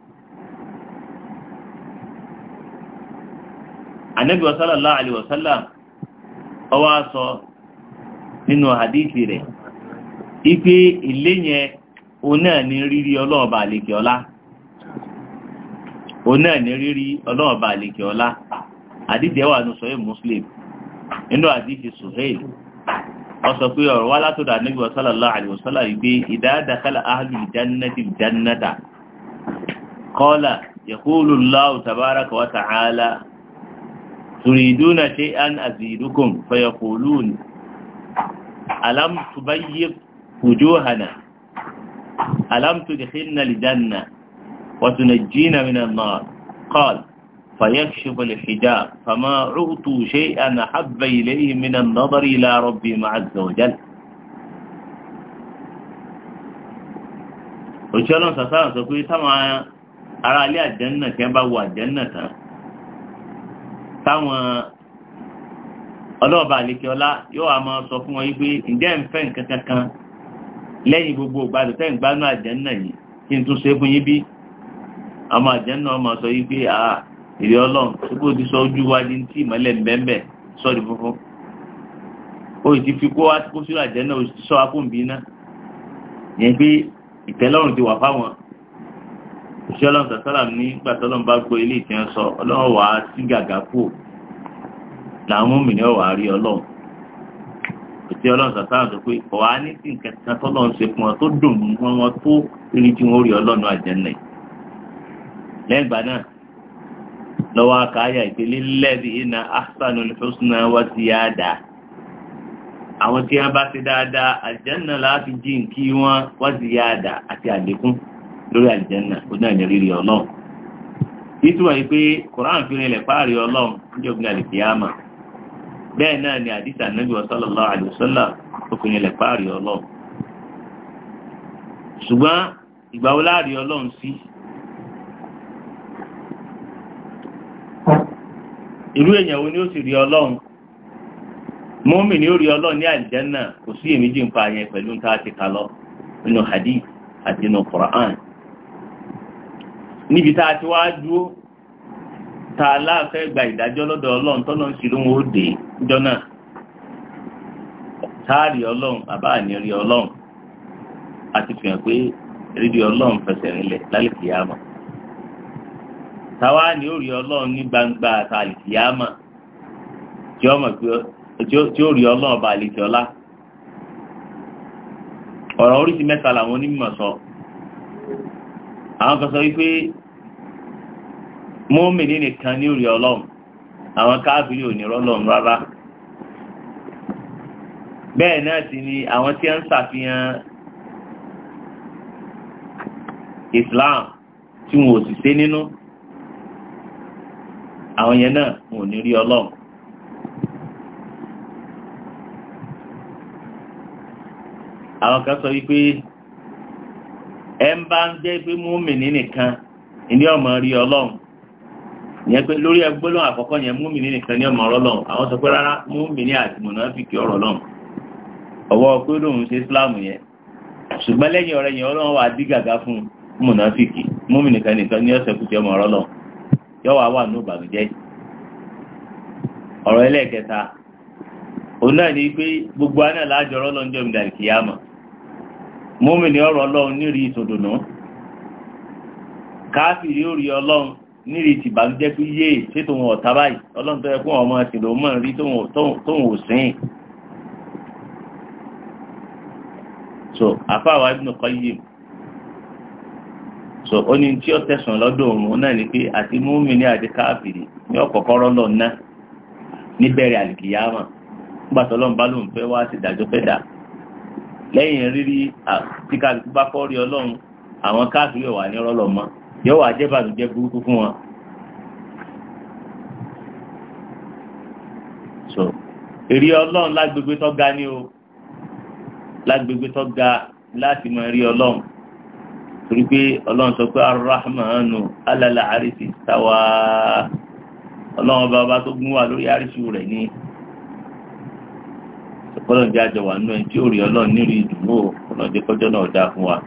A: anabi sallallahu alayhi wa sallam ọwọ́ aṣọ nínú hadithi rẹ̀ ipe ilé yẹn òun náà ní rírí ọlọ́ọ̀bà àlèkè ọlá òun náà ní rírí ọlọ́ọ̀bà àlèkè ọlá hadithi ẹwà ní sọ́yìn muslim nínú hadithi suhail wọ́n sọ pé ọ̀rọ̀ wá látọ̀dọ̀ anabi sallallahu alayhi wa sallam ipe idha dakhala تريدون شيئا أزيدكم فيقولون ألم تبيض وجوهنا ألم تدخلنا الجنة وتنجينا من النار قال فيكشف الحجاب فما عطوا شيئا أحب إليهم من النظر إلى ربهم عز وجل وشلون sàtàrà sọ pé táwọn ará ilé àjẹ́nà tí الجنة táwọn ọlọ́ọ̀bà àlekèọlá yóò wá máa sọ fún wọn yí pé ǹjẹ́ ń fẹ́ nǹkan kankan lẹ́yìn gbogbo ìgbàdùn tẹ́ ń gbádùn àjẹ́nà yìí kí n tún ṣe fún yín bí ọmọ àjẹ́nà ọmọ sọ yí pé a èrè ọlọ́run tó kò ti sọ ojú wa di ti ìmọ́lẹ̀ ńbẹ́ńbẹ́ sọ́ọ̀dì funfun ó ti fi kó wá kó sínú àjẹ́nà ó ti sọ akóǹbí iná yẹn pé ìtẹ́lọ́run ti wà fáwọn òṣìṣẹ́ ọlọ́run tàṣálà ní gbàtọ́ ọlọ́run bá gbọ́ ilé ìtẹ́ sọ ọlọ́run wà á sí gàgà kú làwọn mọ́mìnì ọ̀wà rí ọlọ́run òṣìṣẹ́ ọlọ́run tàṣálà sọ pé ọ̀wà á ní sí nǹkan kan tọ́lọ́run ṣe fún wọn tó dùn wọn wọn tó rí tí wọ́n rí ọlọ́run àjẹ́nà lẹ́yìn ìgbà náà lọ́wọ́ akáyà ìpele lẹ́bi iná ahsanul husna wa ziyada àwọn tí wọ́n bá ti dáadáa àjẹ́nà láti jí nkí wọn wa ziyada àti àdékún lórí àlìjẹ́nà ó náà ní rírì ọlọ́run títúwọ̀ yìí pé koran fi rinlẹ̀ fáàrí ọlọ́run níjọ́ bí alẹ́ kìyàmà bẹ́ẹ̀ náà ni àdìsá nàbí sallallahu alaihi wasallam ó fi rinlẹ̀ fáàrí ọlọ́run ṣùgbọ́n ìgbà wo láàrí ọlọ́run sí irú èèyàn wo ni ó sì rí ọlọ́run mọ́mì ni ó rí ọlọ́run ní àlìjẹ́nà kò sí èméjì ń pa yẹn pẹ̀lú ń tá a ti nínú hadith àti nínú koran. níbi tá a ti wá dúró gba ìdájọ́ lọ́dọ̀ ọlọ́run ń ṣìlú jọ náà táàrí ọlọ́run bàbá àní rí ọlọ́run a ti fi pé rírí ọlọ́run fẹsẹ̀ rinlẹ̀ táwa ni ó rí ọlọ́run gbangba tí ó mọ̀ tí ó rí ọlọ́run ọba àlejò ọlá ọ̀rọ̀ oríṣi mọ́mìnì nìkan ní orí ọlọ́run àwọn káàbìrì ò ní rọ́lọ́run rárá bẹ́ẹ̀ náà sì ni àwọn tí ń ṣàfihàn Islam tí wọn ò sì ṣe nínú àwọn yẹn náà wọn ò ní rí ọlọ́run. àwọn kan sọ wípé ẹ ń bá ń jẹ́ pé mọ́mìnì nìkan ìní ọmọ rí ọlọ́run lórí ẹgbẹ́ àkọ́kọ́ yẹn múmìnì nìkan ní ọmọ ọ̀rọ̀ àwọn sọ pé rárá ní àti mùnàfíkì ọ̀rọ̀ ọwọ́ pé lòun ṣe Islam yẹn ṣùgbọ́n lẹ́yìn ọ̀rẹ́ yẹn Ọlọ́run wà dí gàgá fún mùnàfíkì mú mi nìkan ní ọ̀sẹ̀ kùtì ọmọ wà wà ní ọ̀rọ̀ ẹlẹ́ẹ̀kẹta òun náà ni pé ti nírètí ìbànújẹ́ pé yé ṣé tòun ọ̀tá báyìí ọlọ́run tó yẹ fún ọmọ ẹ̀sìn lòún mọ̀ rí tóun ò sìn. so àfáàwá Ibn Qayyim so ó ní tí ó tẹ̀sán lọ́dọ̀ òun náà ni pé àti múmìnì àti káàfìrí ní ọ̀kọ̀kọ́rọ́ lọ ná níbẹ̀rẹ̀ àlìkìyàmọ̀ nígbà tó ọlọ́run bá lóun fẹ́ wá sí ìdájọ́ fẹ́ dà lẹ́yìn rírí tí kálukú bá kọ́ rí ọlọ́run àwọn káàfìrí ò wà ní rọ́lọ́ mọ́ yóò wá jẹ́ bàlùjẹ́ burúkú fún wọn. so èrè ọlọ́run lágbègbè tó ga ni o lágbègbè tó ga láti mọ èrè ọlọ́run torí pé ọlọ́run sọ pé arahmanu alala arisi tawa ọlọ́run ọba ọba tó gún wa lórí arisi rẹ̀ ni ọlọ́run jẹ́ àjọwà nínú ẹni tí ó rí ọlọ́run nírú ìdùnnú ọlọ́run jẹ́ náà dáa fún wa.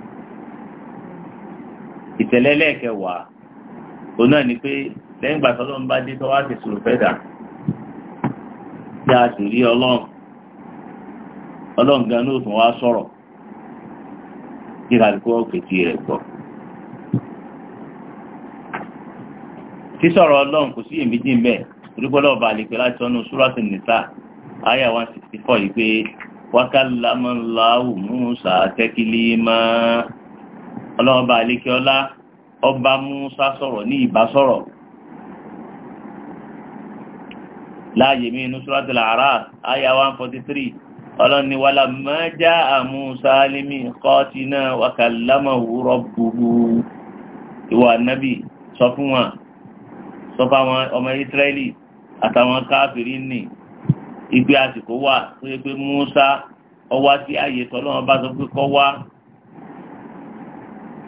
A: ìtẹ̀lẹ́ lẹ́ẹ̀kẹwàá òun náà ni pé lẹ́yìn ìgbà tọ́lọ́ ń bá dé tọ́wọ́ àti olong olong tí a sì rí ọlọ́run ọlọ́run gan-an tún wá sọ̀rọ̀ kí kálukú ọ̀kẹ́tì rẹ̀ gbọ́. sísọ̀rọ̀ ọlọ́run kò sí èmi dín bẹ́ẹ̀ ọba àlèpẹ́ láti ọ̀nà súrọ́sì nìta àyà one sixty four ọlọ́ọ̀bá àlékiọlá ọba Musa sọ̀rọ̀ ní ìbásọ̀rọ̀ láàyè mí inú suratul A'raf àyà 143 ọlọ́run ni wàlá mọ́já àmúsá límì kọ́tínà wàkàlámọ̀wò rọ́bùbù ìwà nábì sọ fún wọn sọ fáwọn ọmọ Ísírẹ́lì àtàwọn káfìrí nì ìgbé àsìkò wà tó pé Musa ọwá sí àyè tọ́lọ́run bá sọ pé kọ́ wá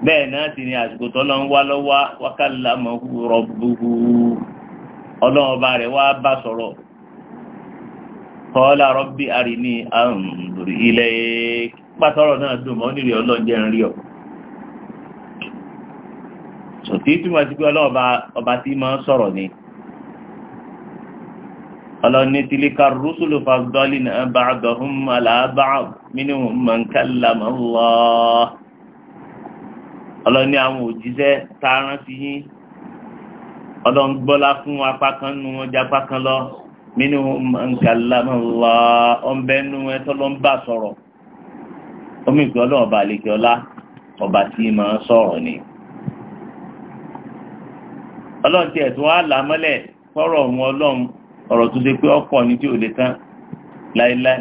A: bẹ́ẹ̀ náà sì ni àsìkò tó lọ́n wá lọ́wọ́ wákàlá mọ̀kú ọlọ́run ọba rẹ̀ wá bá sọ̀rọ̀ kọ́lá rọ́bì àrìní àǹdùrí ilẹ̀ pàtọ́rọ̀ náà dùn mọ́ nílé ọlọ́njẹ́ ń rí túmọ̀ sí pé ọlọ́run ọba tí máa ń sọ̀rọ̀ ni ọlọ́ni tìlíkà rúṣùlù fàgbọ́lì náà bá mínú mọ̀ńkàlá mọ́ ọlọ́ni àwọn òjíṣẹ́ tá a rán sí yín ọlọ́run gbọ́lá fún apá kan nu wọn jẹ́ apá kan lọ nínú nkàlámọ́lá ọ̀nbẹ́nu ẹ̀tọ́ ló ń bá sọ̀rọ̀ omi ìpè ọlọ́run ọba àlejò ọlá ọba tí máa ń sọ̀rọ̀ ni. ọlọ́run tiẹ̀ tún wá là mọ́lẹ̀ fọ́rọ̀ ọ̀hún ọlọ́run ọ̀rọ̀ tó ṣe pé ọ̀pọ̀ ni tí ò lè tán láéláé.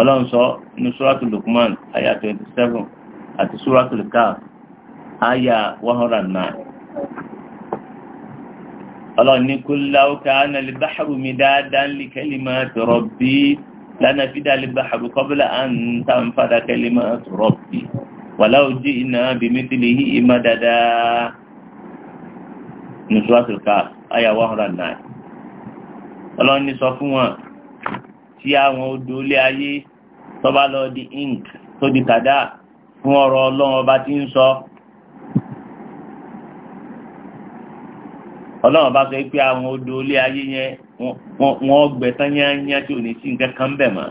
A: ọlọ́run sọ ní suratul Luqman aya twenty seven àti suratul Kahf àyà one hundred and nine. ọlọ́run ní kul law kana al-bahru midadan li kalimati rabbi lanafida al-bahru qabla an tanfada kalimatu rabbi walau ji'na bimithlihi madada ní suratul Kahf àyà one hundred and nine. ọlọ́run ní sọ fún wọn tí àwọn odò ilé ayé tó lọ di ink tó di kàdáà. fún ọ̀rọ̀ ọlọ́run ọba tí ń sọ. ọlọ́run ọba sọ pé àwọn odò ilé ayé yẹn wọ́n gbẹ tán tí ò ní sí nǹkan kan bẹ̀ mọ́.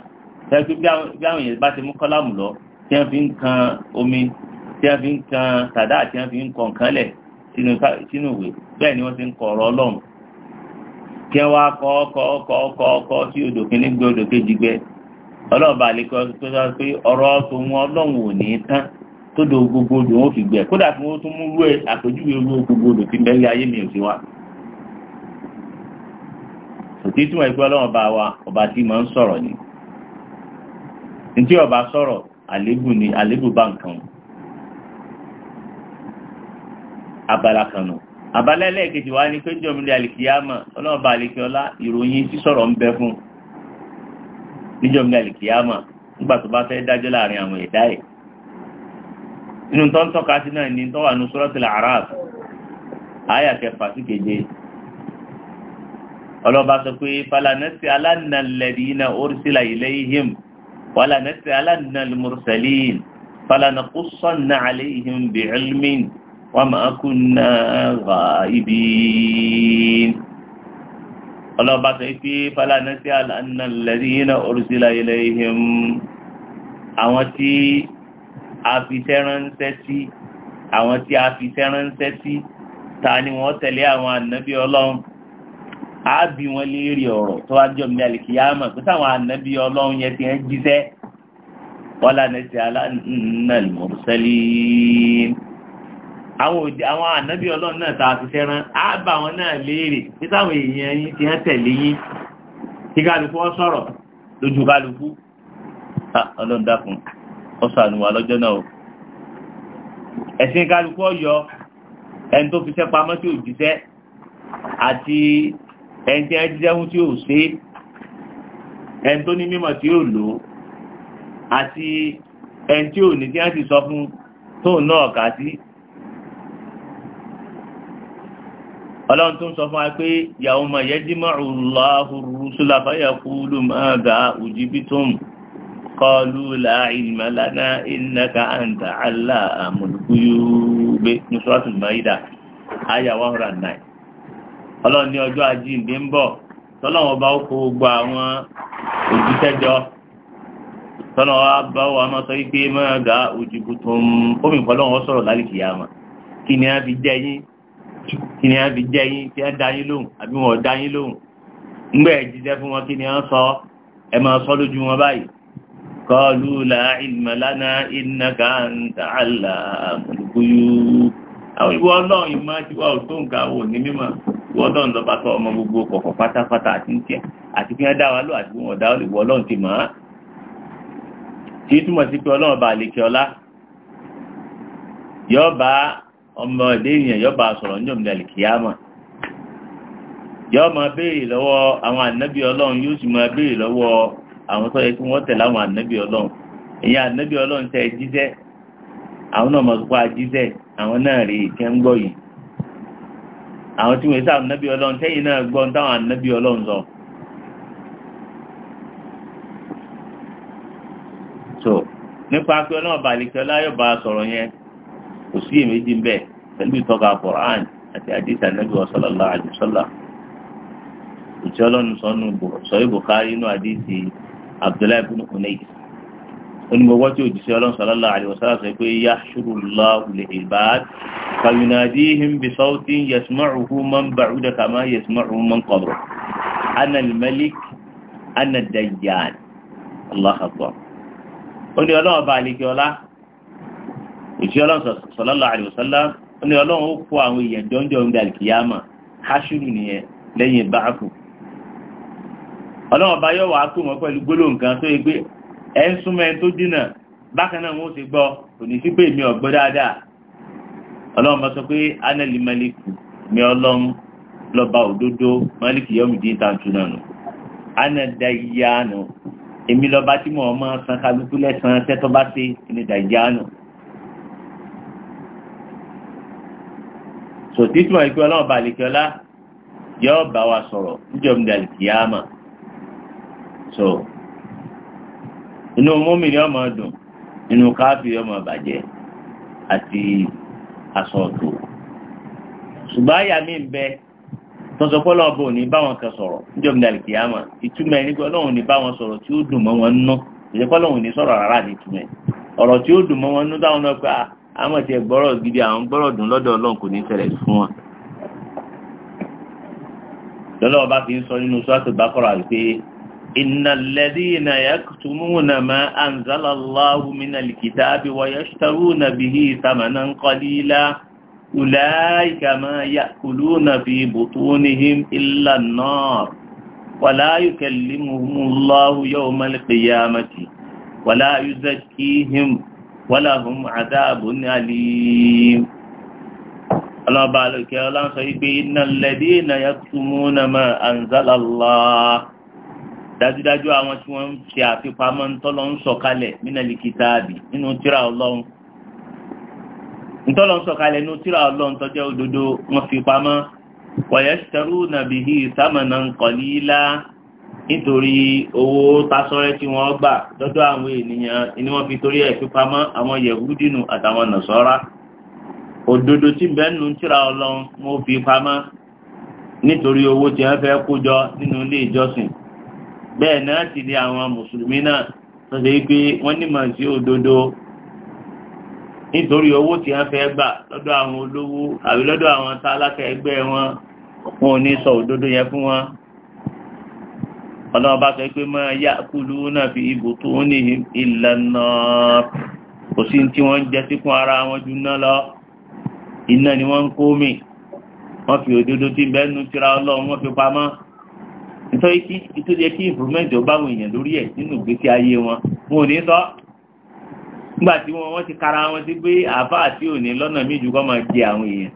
A: sẹ́kí bí àwọn èèyàn bá ti mú kọ́lámù lọ tí wọ́n ń kan omi tí fi kan tí wọ́n fi ń nǹkan lẹ̀ ni wọ́n ti ń kọ ọ̀rọ̀ ọlọ́run kí wọ́n wá kọ́ ọlọ́ọ̀bà àlekọ́ tó sọ pé ọ̀rọ̀ tó wọn ọlọ́run ò ní tán tó do gbogbo odò wọn fi gbẹ kódà tí wọn tún mú rú ẹ àpèjúwe rú gbogbo odò tí mẹ́rin ayé mi ò sí wa. òtí tí wọn ìpín ọlọ́run bá wa ọba tí mò ń sọ̀rọ̀ ni ntí ọba sọ̀rọ̀ àlébù ni àlébù bá nǹkan abala kan nù abala ẹlẹ́ẹ̀kejì wa ni pé jọ̀mílẹ̀ àlìkìyàmọ̀ ọlọ́ọ̀bà àlìkìyọ́lá ìròyìn sísọ̀rọ̀ ń bẹ fún un níjọba ìkìyàmà nígbà tó bá fẹ́ dájọ́ láàrin àwọn ẹ̀dá ẹ̀ inú tó ń tọ́ka sí náà ní tó wà ní suratul A'raf àyà kẹfà sí keje ọlọ́ba sọ pé falanẹ́sì alánàlẹ́dínà ursila ilayhim falanẹ́sì alánàlmùrsalin falanakussanna alayhim bi'ilmin wa ma kunna ghaibin ọlọ́ba sọ pé fala nasi anna alladhina ursila ilayhim àwọn tí a fi sẹ́ránṣẹ́ sí àwọn tí a fi sẹ́ránṣẹ́ sí ta ni wọ́n tẹ̀lé àwọn ànábì ọlọ́run á bí wọn léèrè ọ̀rọ̀ tó wá jọ mi àlìkìyàmọ̀ pé sáwọn ànábì ọlọ́run yẹn ti ń jíṣẹ́ wala nasi anna al-mursalin àwọn ànábì ọlọ́run náà ta àti sẹ́ran á bá wọn náà léèrè nítàwọn èèyàn yín ti hàn tẹ̀lé yín kí kálukú ọ sọ̀rọ̀ lójú kálukú ọlọ́run dákun ọ ṣàánú wa lọ́jọ́ náà o ẹ̀sìn kálukú ọ̀yọ́ ẹni tó fi ṣẹ́ pamọ́ tí ò jíṣẹ́ àti ẹni tí ẹ jíṣẹ́ fún tí ò ṣe ẹni tó ní mímọ̀ tí ò lò àti ẹni tí ò ní tí wọ́n ti sọ fún tóun náà kà sí ọlọ́run tó ń sọ fún wa pé yawma ma Allahu rusula fayaqulu madha ujibtum qalu la ilma lana innaka anta allamul ghuyub ní suratul Maida àyà 109 ọlọ́run ní ọjọ́ àjíǹde ń bọ̀ tọ́lọ́wọ́ bá kó gbogbo àwọn òjíṣẹ́jọ́ tọ́lọ́wọ́ bá wà máa sọ wípé madha ujibtum omi sọ̀rọ̀ kí ni a fi jẹ́ yín kí a dá yín lóhùn àbí wọn ò dá yín lóhùn ńgbà ẹ̀ jíṣẹ́ fún wọn kí ni a sọ ẹ máa sọ lójú wọn báyìí kọlu la ilma lana innaka anta allamul ghuyub àwọn ìwọ ọlọ́run ìmọ̀ tí wọ́n ò tó nǹkan àwọn òní mímọ̀ ìwọ ọlọ́run lọ́ba tó ọmọ gbogbo kọ̀kọ̀ pátápátá àti ń tiẹ̀ àti kí wọ́n dá wa ló àti kí wọ́n dá wa ti mọ̀ tí túmọ̀ sí pé ọlọ́run bá lè kí ọlá yọ bá ọmọ ẹdẹ èèyàn yọba sọ̀rọ̀ ní òmìnira kìámà yọọ ma béèrè lọ́wọ́ àwọn ànábì Ọlọ́run yóò sì máa béèrè lọ́wọ́ àwọn tó yẹ awọn wọn àwọn ànábì Ọlọ́run èyí ànábì Ọlọ́run tẹ jíṣẹ́ àwọn náà máa kó Awọn àwọn náà rí ìkẹ́ ń gbọ́ yìí àwọn tí wọn sá Ọlọ́run náà gbọ́ táwọn Ọlọ́run kò sí èméjì ń bẹ pẹ̀lú ìtọ́ka Quran àti àdìsá nàbí sallallahu alaihi wasallam ìtí ọlọ́nu sọ́nù sọ́yìn Bukhari inú àdìsí Abdullahi ibn Unais onímọ̀wọ́ tí òjìṣẹ́ ọlọ́run sallallahu alaihi wasallam sọ pé yahshurullahu al-ibad fayunadihim bi sawtin yasma'uhu man ba'uda kama yasma'uhu man qabra ana al-malik ana ad-dajjal Allahu akbar ó ní ọlọ́run bá àlekè ọlá òṣìṣẹ́ ọlọ́run sallallahu alaihi wasallam ó ní ọlọ́run ó kó àwọn èèyàn jọ́njọ́ ń dàlì kìyàmà hashuru nìyẹn lẹ́yìn báàkù ọlọ́run ọba yóò wá pè wọ́n pẹ̀lú gbólóhùn kan tó yẹ pé ẹ̀ ń súnmọ́ ẹ tó dínà bákan náà wọ́n ti gbọ́ kò ní sí pé èmi ọ̀gbọ́ dáadáa ọlọ́run bá sọ pé anẹ́lì mẹ́líkù mi ọlọ́run lọ́ba òdodo mẹ́líkù yọ̀mù dín tàǹtù náà nù anẹ́dá yíyá èmi lọ́ba tí mo máa san kálukú lẹ́sàn-án tẹ́tọ́ bá ṣe ní dàjíyá sòtí tí wọ́n yìí pé ọlọ́run bá àlèkè ọlá yọ bá wa sọ̀rọ̀ níjọba ní àlèkè so inú mọ́mì ni ọmọ dùn inú káfí ọmọ bàjẹ́ àti asọ̀tò ṣùgbọ́n àyà mi ń bẹ tọ́sọ pé ọlọ́run bò ní báwọn kan sọ̀rọ̀ níjọba ní àlèkè yá mà ìtumọ̀ ẹni pé ọlọ́run ní báwọn sọ̀rọ̀ tí ó dùn mọ́ wọn nú ìjẹ́pọ̀ ọlọ́run ní sọ̀rọ̀ rárá ní ìtumọ̀ ọ̀rọ̀ tí ó dùn mọ́ wọn nú táwọn náà pé àmọ́ tí ẹ gbọ́rọ̀ gidi àwọn gbọ́rọ̀ dùn lọ́dọ̀ ọlọ́run kò ní ṣẹlẹ̀ fún wọn. lọ́lọ́ ọba fi ń sọ nínú sọ́ọ̀tù bákọ́rọ̀ àti innal ladhina yaktumuna ma anzala Allahu minal kitabi wa yashtaruna bihi thamanan qalila ulaika ma ya'kuluna fi butunihim illa an-nar wa la yukallimuhum Allahu yawmal qiyamati wọ́láhùn àdáàbò ní àlè ọlọ́ba alókè ọlọ́sọ ìgbé iná lẹ́bí iná ya túnmú náà mọ́ àǹzálàlá dájúdájú àwọn tí wọ́n ń ṣe àfipamọ́ ntọ́lọ́ ń sọ̀kalẹ̀ mínàlì kìtàbì nínú tíra ọlọ́run ntọ́lọ́ ń sọ̀kalẹ̀ nínú tíra ọlọ́run tọ́jẹ́ òdodo wọn fi wọ̀yẹ́ sẹ́rù nàbìhì sámánà ńkọ̀lí lá nítorí owó tasọ́rẹ́ tí wọ́n gbà lọ́dọ̀ àwọn ènìyàn ni wọ́n fi torí ẹ̀ fipamọ́ àwọn yẹ̀húdínù àtàwọn nàṣọ́ra òdodo tí bẹ́ẹ̀ nù tíra ọlọ́run mo fi pamọ́ nítorí owó tí wọ́n fẹ́ kó jọ nínú ilé ìjọsìn bẹ́ẹ̀ náà ti di àwọn mùsùlùmí náà sọ̀tẹ̀ wípé wọ́n nímọ̀ sí òdodo nítorí owó tí wọ́n fẹ́ gbà lọ́dọ̀ àwọn olówó àbí lọ́dọ̀ àwọn tálákà ẹgbẹ́ wọn wọn ò ní sọ òdodo yẹn fún wọn ọlọ́wọ́ bá sọ pé ma ya'kuluna fi butunihim illa an-nar kò sí tí wọ́n jẹ síkún ara wọn jù náà lọ iná ni wọ́n ń kó mi wọ́n fi òdodo tí bẹ́ẹ̀nu tira ọlọ́run wọ́n fi pamọ́ nítorí kí ìtòdí ẹ kí improvement ó báwọn èèyàn lórí ẹ̀ nínú ìgbésí ayé wọn wọn ò ní sọ nígbà tí wọ́n ti kara wọn sí pé àáfàá àti òní lọ́nà míì ju kọ́ máa jẹ àwọn èèyàn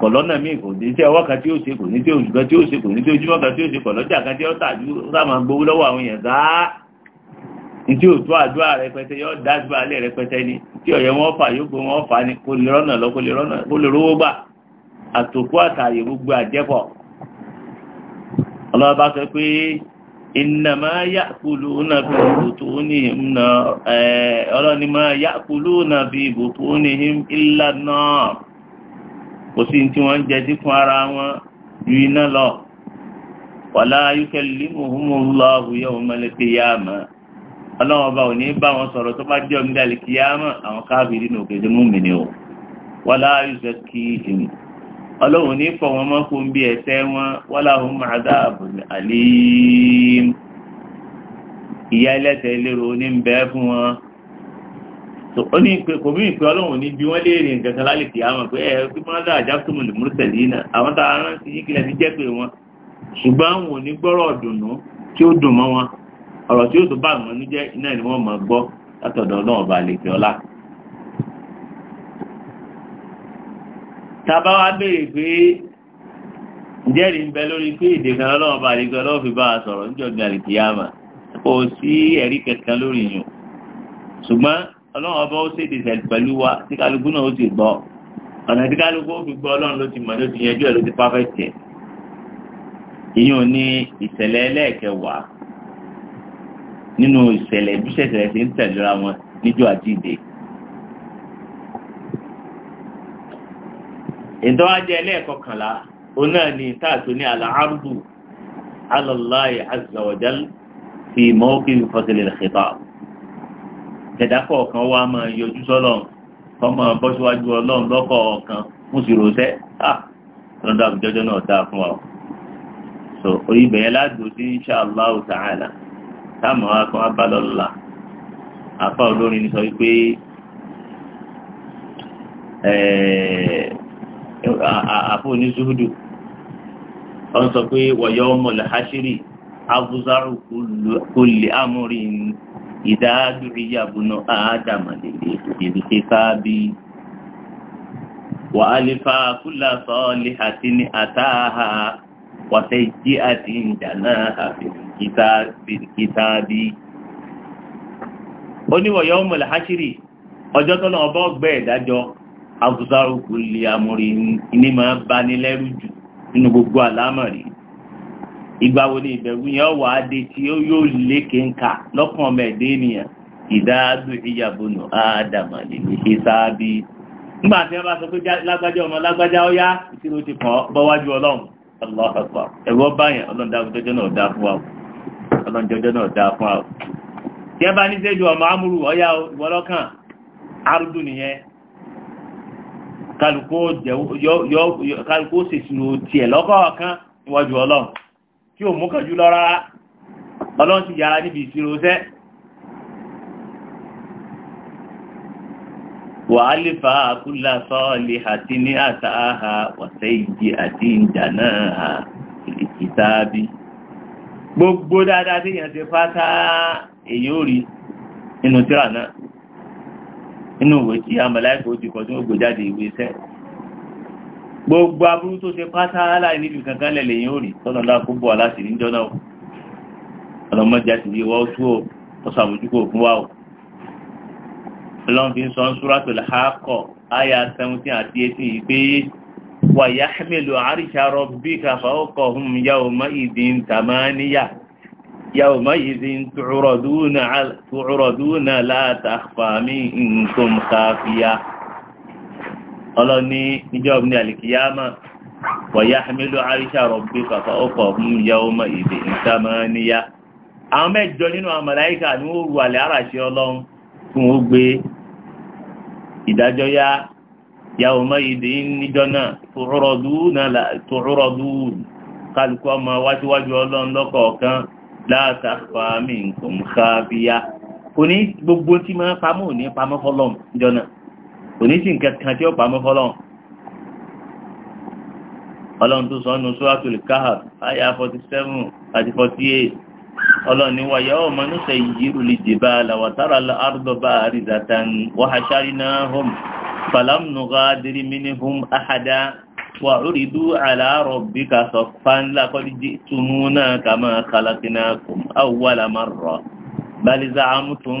A: kọ̀lọ́nà míì kò ní tí ọwọ́ kan tí ó ṣe kò ní tí oṣù kan tí ó ṣe kò ní tí ojúmọ́ kan tí ó ṣe kọ̀lọ́jà kan tí ó sáàmà gbowó lọ́wọ́ àwọn èèyàn sáá ntí òtún àdúrà rẹpẹtẹ yóò dájú alẹ́ ni tí ọ̀yẹ́ wọn fà yóò gbé wọn fà ni kó lè rọ́nà lọ kó lè rọ́nà lè rówó gbà àtòkú àtàyè gbogbo àjẹpọ̀ ọlọ́ba sọ pé náà ní ọlọ́ni máa náà kò sí tí wọ́n jẹ fún ara wọn ju iná lọ wàlá yukallimuhumullahu yawmal qiyamah ọlọ́wọ́n bá ò ní bá wọn sọ̀rọ̀ tó bá jẹ́ ọ̀gbìn dàlí kìyàmà àwọn káàbìrì nù kéde mú mi ni o wàlá yuzakkihim ọlọ́wọ́n ní fọ wọn mọ́ fún bí ẹ̀ṣẹ̀ wọn walahum adhabun alim ìyá lérò fún ó ní pé kò mí ìpè ọlọ́run ní bí wọ́n léèrè nǹkan kan lálẹ́ kìí àwọn pé ẹ̀ bí wọ́n dá àjá tó mọ̀lẹ̀ àwọn tá a rán sí yín kílẹ̀ jẹ́ pé wọn ṣùgbọ́n àwọn ò ní gbọ́rọ̀ ọ̀dùnnú tí ó dùn mọ́ wọn ọ̀rọ̀ tí ó tó bá wọn níjẹ́ iná ni wọ́n máa gbọ́ látọ̀dọ̀ lè ọlọ́run ọba ó ṣèdè sẹ̀ pẹ̀lú wa tí kálukú náà ó ti gbọ́ ọ̀nà tí kálukú ó fi gbọ́ ọlọ́run ló ti mọ̀ ló ti yanjú ẹ̀ ló ti pàfẹ́tì ẹ̀ ìyẹn ò ní ìṣẹ̀lẹ̀ ẹlẹ́ẹ̀kẹwàá nínú ìṣẹ̀lẹ̀ bí ṣẹ̀ṣẹ̀ ṣe ń tẹ̀lera wọn níjọ́ àjíǹde. ìdánwájẹ́ ẹlẹ́ẹ̀kọkànlá òun náà ni táàtò ní àlàárùbù alọ́láyé azza wa jal fi mọ́ọ́kì ẹ̀dá kọ̀ọ̀kan wa máa yọjú sọ́lọ́run kọ́mọ bọ́ síwájú ọlọ́run lọ́kọ̀ọ̀kan fún sí rosẹ́ à ah, lọ́dọ̀ àbújọ́jọ́ náà dáa fún wa so orí ìbẹ̀yẹ láti sí insha Allah ta'ala táàmù wa kan á bá lọ́la àfa olórin sọ wípé àfọ oníṣúhùdù ọ sọ pé wọ̀yọ́ ọmọ làhásírì abúzárù kulli amúrin ìdáàdù ìyàbùnà àádámà lèlè ìdíje káàbí wà alifa kúlà sọ́ọ̀lì àti ní àtàhà wàtẹ́ jí àti ìdáná àfìkítàbí. oníwọ̀yọ́ mọ̀lá hashiri ọjọ́ tó náà bọ́ gbẹ́ ìdájọ́ àbúzárùkù lè amúrin ní máa bá ní lẹ́rù jù nínú gbogbo àlámọ̀rí ìgbàwò wo ni ìbẹ̀rù yẹn wà á dé tí yóò lékè ńkà lọ́kàn ọmọ ẹ̀dẹ́ ènìyàn ìdáàdù ìyàbọ̀nù àdàmà lè ní ìsáàbí. nígbà tí wọ́n bá sọ pé lágbájá ọmọ lágbájá ọ̀yá ìṣirò ti bọ́wájú ọlọ́run ẹ̀rọ báyẹn náà dáa fún tí bá ní sẹ́jú ọmọ amúrù ìwọlọ́kàn arúgbó nìyẹn kálukó tiẹ̀ tí ò mú kàn lọ rárá ọlọ́run ti yára níbi ìṣirò sẹ́ wàhálífà kúlà sọ́ọ̀lì àti ní àtàhà ìdí àti ìjà náà gbogbo dáadáa ti èyí eyori rí nínú tíra náà nínú ìwé tí àmàlà ẹ̀kọ́ gbogbo aburú tó ṣe pátá aláì níbi kankan lẹ̀ lẹ́yìn òrì tọ́nà láà kó bọ̀ aláṣì ní jọ́nà o ọlọ́mọdé àti ìwọ́ tú o ọ̀sán àbójúkò fún wa o ọlọ́run ń sọ ń súra tó lè ha kọ̀ àti eighteen yìí pé wà yá mélòó àríṣà rọ̀bì kàfà ó hùm yà má ìdí ń tàmá níyà yà má ìdí ń tùrọ̀dúnà látàfàmì nǹkan káfíà ọlọ́ni níjọ́ ní àlìkìyàmà wọ̀yá hamilu aisha rọ̀bí kàfà ọkọ̀ mú ya ọmọ ìdè ìsámá níyà àwọn mẹ́jọ nínú àwọn màláíkà ni wọ́n rú àlẹ́ àràṣẹ ọlọ́run fún ó gbé ìdájọ́ yá ya ọmọ ìdè níjọ́ náà tòrọ́dú kálukú ọmọ wájúwájú ọlọ́run lọ́kọ̀ọ̀kan látàfà mí nǹkan kábíyá kò ní gbogbo tí máa pamọ́ ò pamọ́ fọlọ́m níjọ́ náà oníṣì nǹkan kan tí ó pamọ́ fọlọ́n ọlọ́run tó sọ ọ́nù suratul Kahf àyà forty seven àti forty eight ọlọ́run ní wàyà ọmọ níṣẹ́ yìírù lè dìbà làwàtàrà àrùdọ̀bà àrídàtàn wàhásárì náà hom falam nughadiri minhum ahada wà òrìdú àlàárọ̀ bí ká sọ fáńlá kọ́líjì tùmú náà kàmá kàlákínà kùm àwùwàlámà rọ̀ balizà àmútùm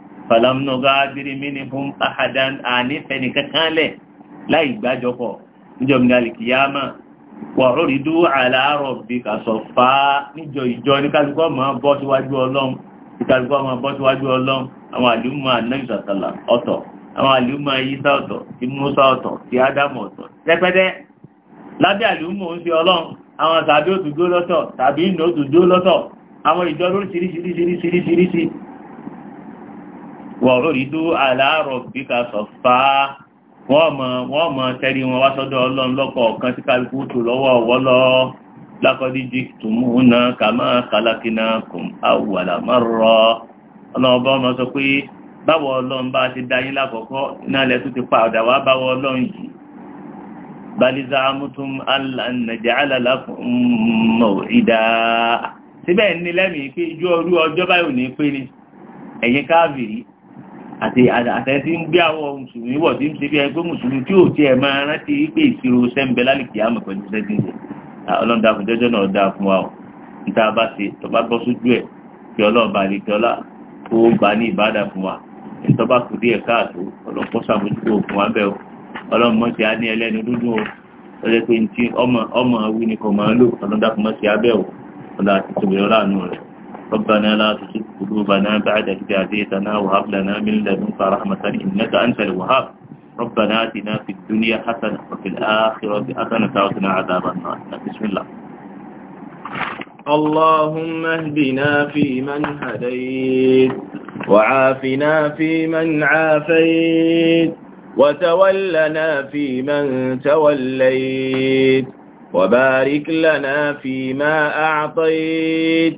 A: fàlámùnàgá abirimini fún ahadan ànífẹ̀ẹ́nì kankan lẹ̀ láì gbàjọpọ̀ níjọba ní alìkìyàmà wàhùn ìdú àlàárọ̀ bí kà fà á níjọ ìjọ ní kálukọ́ máa bọ́ síwájú ọlọ́run ìkálukọ́ máa bọ́ síwájú ọlọ́run àwọn àlùmọ́ ànáyì sàtàlà ọ̀tọ̀ àwọn àlùmọ́ ayíṣà ọ̀tọ̀ ti Mùsá ọ̀tọ̀ ti Ádámù ọ̀tọ̀ rẹpẹtẹ lábẹ́ àlùmọ́ ń ṣe ọlọ́run àwọn tàbí òtùdó lọ́tọ̀ tàbí ìnà òtùdó lọ́tọ̀ àwọn ìjọ lóríṣiríṣiríṣiríṣiríṣi wọ́n rídú aláàrọ̀ bí ká sọ fà á wọ́n mọ̀ wọ́n mọ̀ tẹ́rí wọn wá sọ́dọ̀ ọlọ́run lọ́kọ̀ ọ̀kan tí kálukú tó lọ́wọ́ ọ̀wọ́ lọ lákọ́díjì tùmúnà kàmá kálákínà kùn áwùwàlà mọ́rọ̀ ọlọ́ọ̀bá ọmọ sọ pé báwo ọlọ́run bá ti dá yín lákọ̀ọ́kọ́ iná ilẹ̀ tó ti pa ọ̀dà wá báwo ọlọ́run yìí baliza amutum alànàjà alàlà fún mọ̀ ìdá síbẹ̀ ní lẹ́mìí pé ijó orú ọjọ́ báyìí ò ní pé ni ẹ̀yin káàbìrì àti àtẹ tí ń gbé àwọn mùsùlùmí wọ̀ tí ń ṣe bí ẹgbẹ́ mùsùlùmí tí ò tiẹ̀ máa rántí pé ìṣirò sẹ́ńbẹ́ lálìkì àmọ̀ pẹ̀lú sẹ́ńbẹ́ ọlọ́run dákun jẹ́jọ́ náà dáa fún wa o níta bá ṣe tó bá gbọ́ sójú ẹ̀ kí ọlọ́run bá lè kí ọlá kó gbà ní ìbádà fún wa níta bá kú díẹ̀ káàtó ọlọ́pọ̀ sàmójútó fún wa bẹ́ẹ̀ o ọlọ́run mọ̀ sí ربنا لا تزغ قلوبنا بعد إذ هديتنا وهب لنا من لدنك رحمة إنك أنت الوهاب ربنا آتنا في الدنيا حسنة وفي الآخرة حسنة وقنا عذاب النار بسم الله اللهم اهدنا فيمن هديت وعافنا فيمن عافيت وتولنا فيمن توليت وبارك لنا فيما أعطيت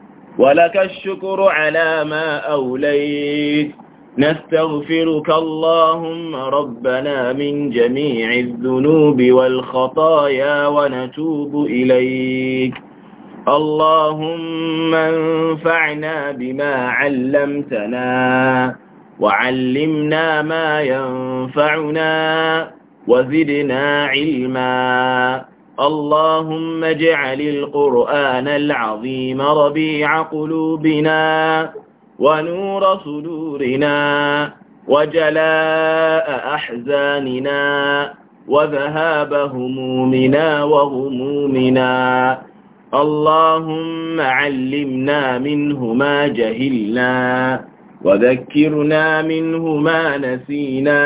A: ولك الشكر على ما أوليت نستغفرك اللهم ربنا من جميع الذنوب والخطايا ونتوب إليك اللهم انفعنا بما علمتنا وعلمنا ما ينفعنا وزدنا علما اللهم اجعل القرآن العظيم ربيع قلوبنا ونور صدورنا وجلاء أحزاننا وذهاب همومنا وغمومنا اللهم علمنا منه ما جهلنا وذكرنا منه ما نسينا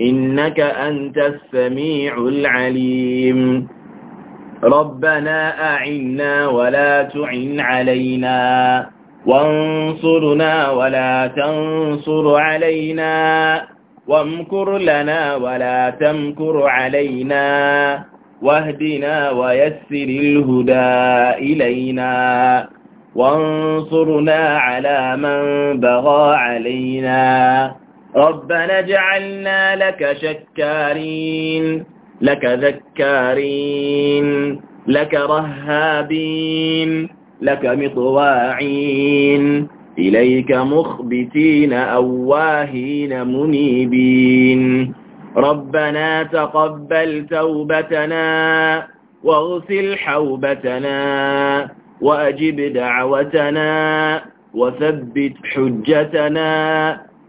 A: إنك أنت السميع العليم ربنا أعنا ولا تعن علينا وانصرنا ولا تنصر علينا وامكر لنا ولا تمكر علينا واهدنا ويسر الهدى إلينا وانصرنا على من بغى علينا ربنا اجعلنا لك شكارين لك ذكارين لك رهابين لك مطواعين إليك مخبتين أواهين منيبين ربنا تقبل توبتنا واغسل حوبتنا وأجب دعوتنا وثبت حجتنا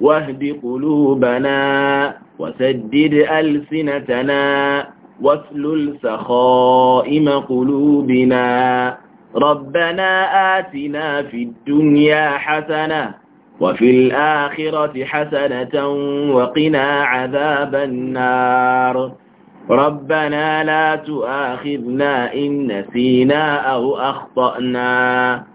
A: واهد قلوبنا وسدد ألسنتنا واسلل سخائم قلوبنا ربنا آتنا في الدنيا حسنة وفي الآخرة حسنة وقنا عذاب النار ربنا لا تؤاخذنا إن نسينا أو أخطأنا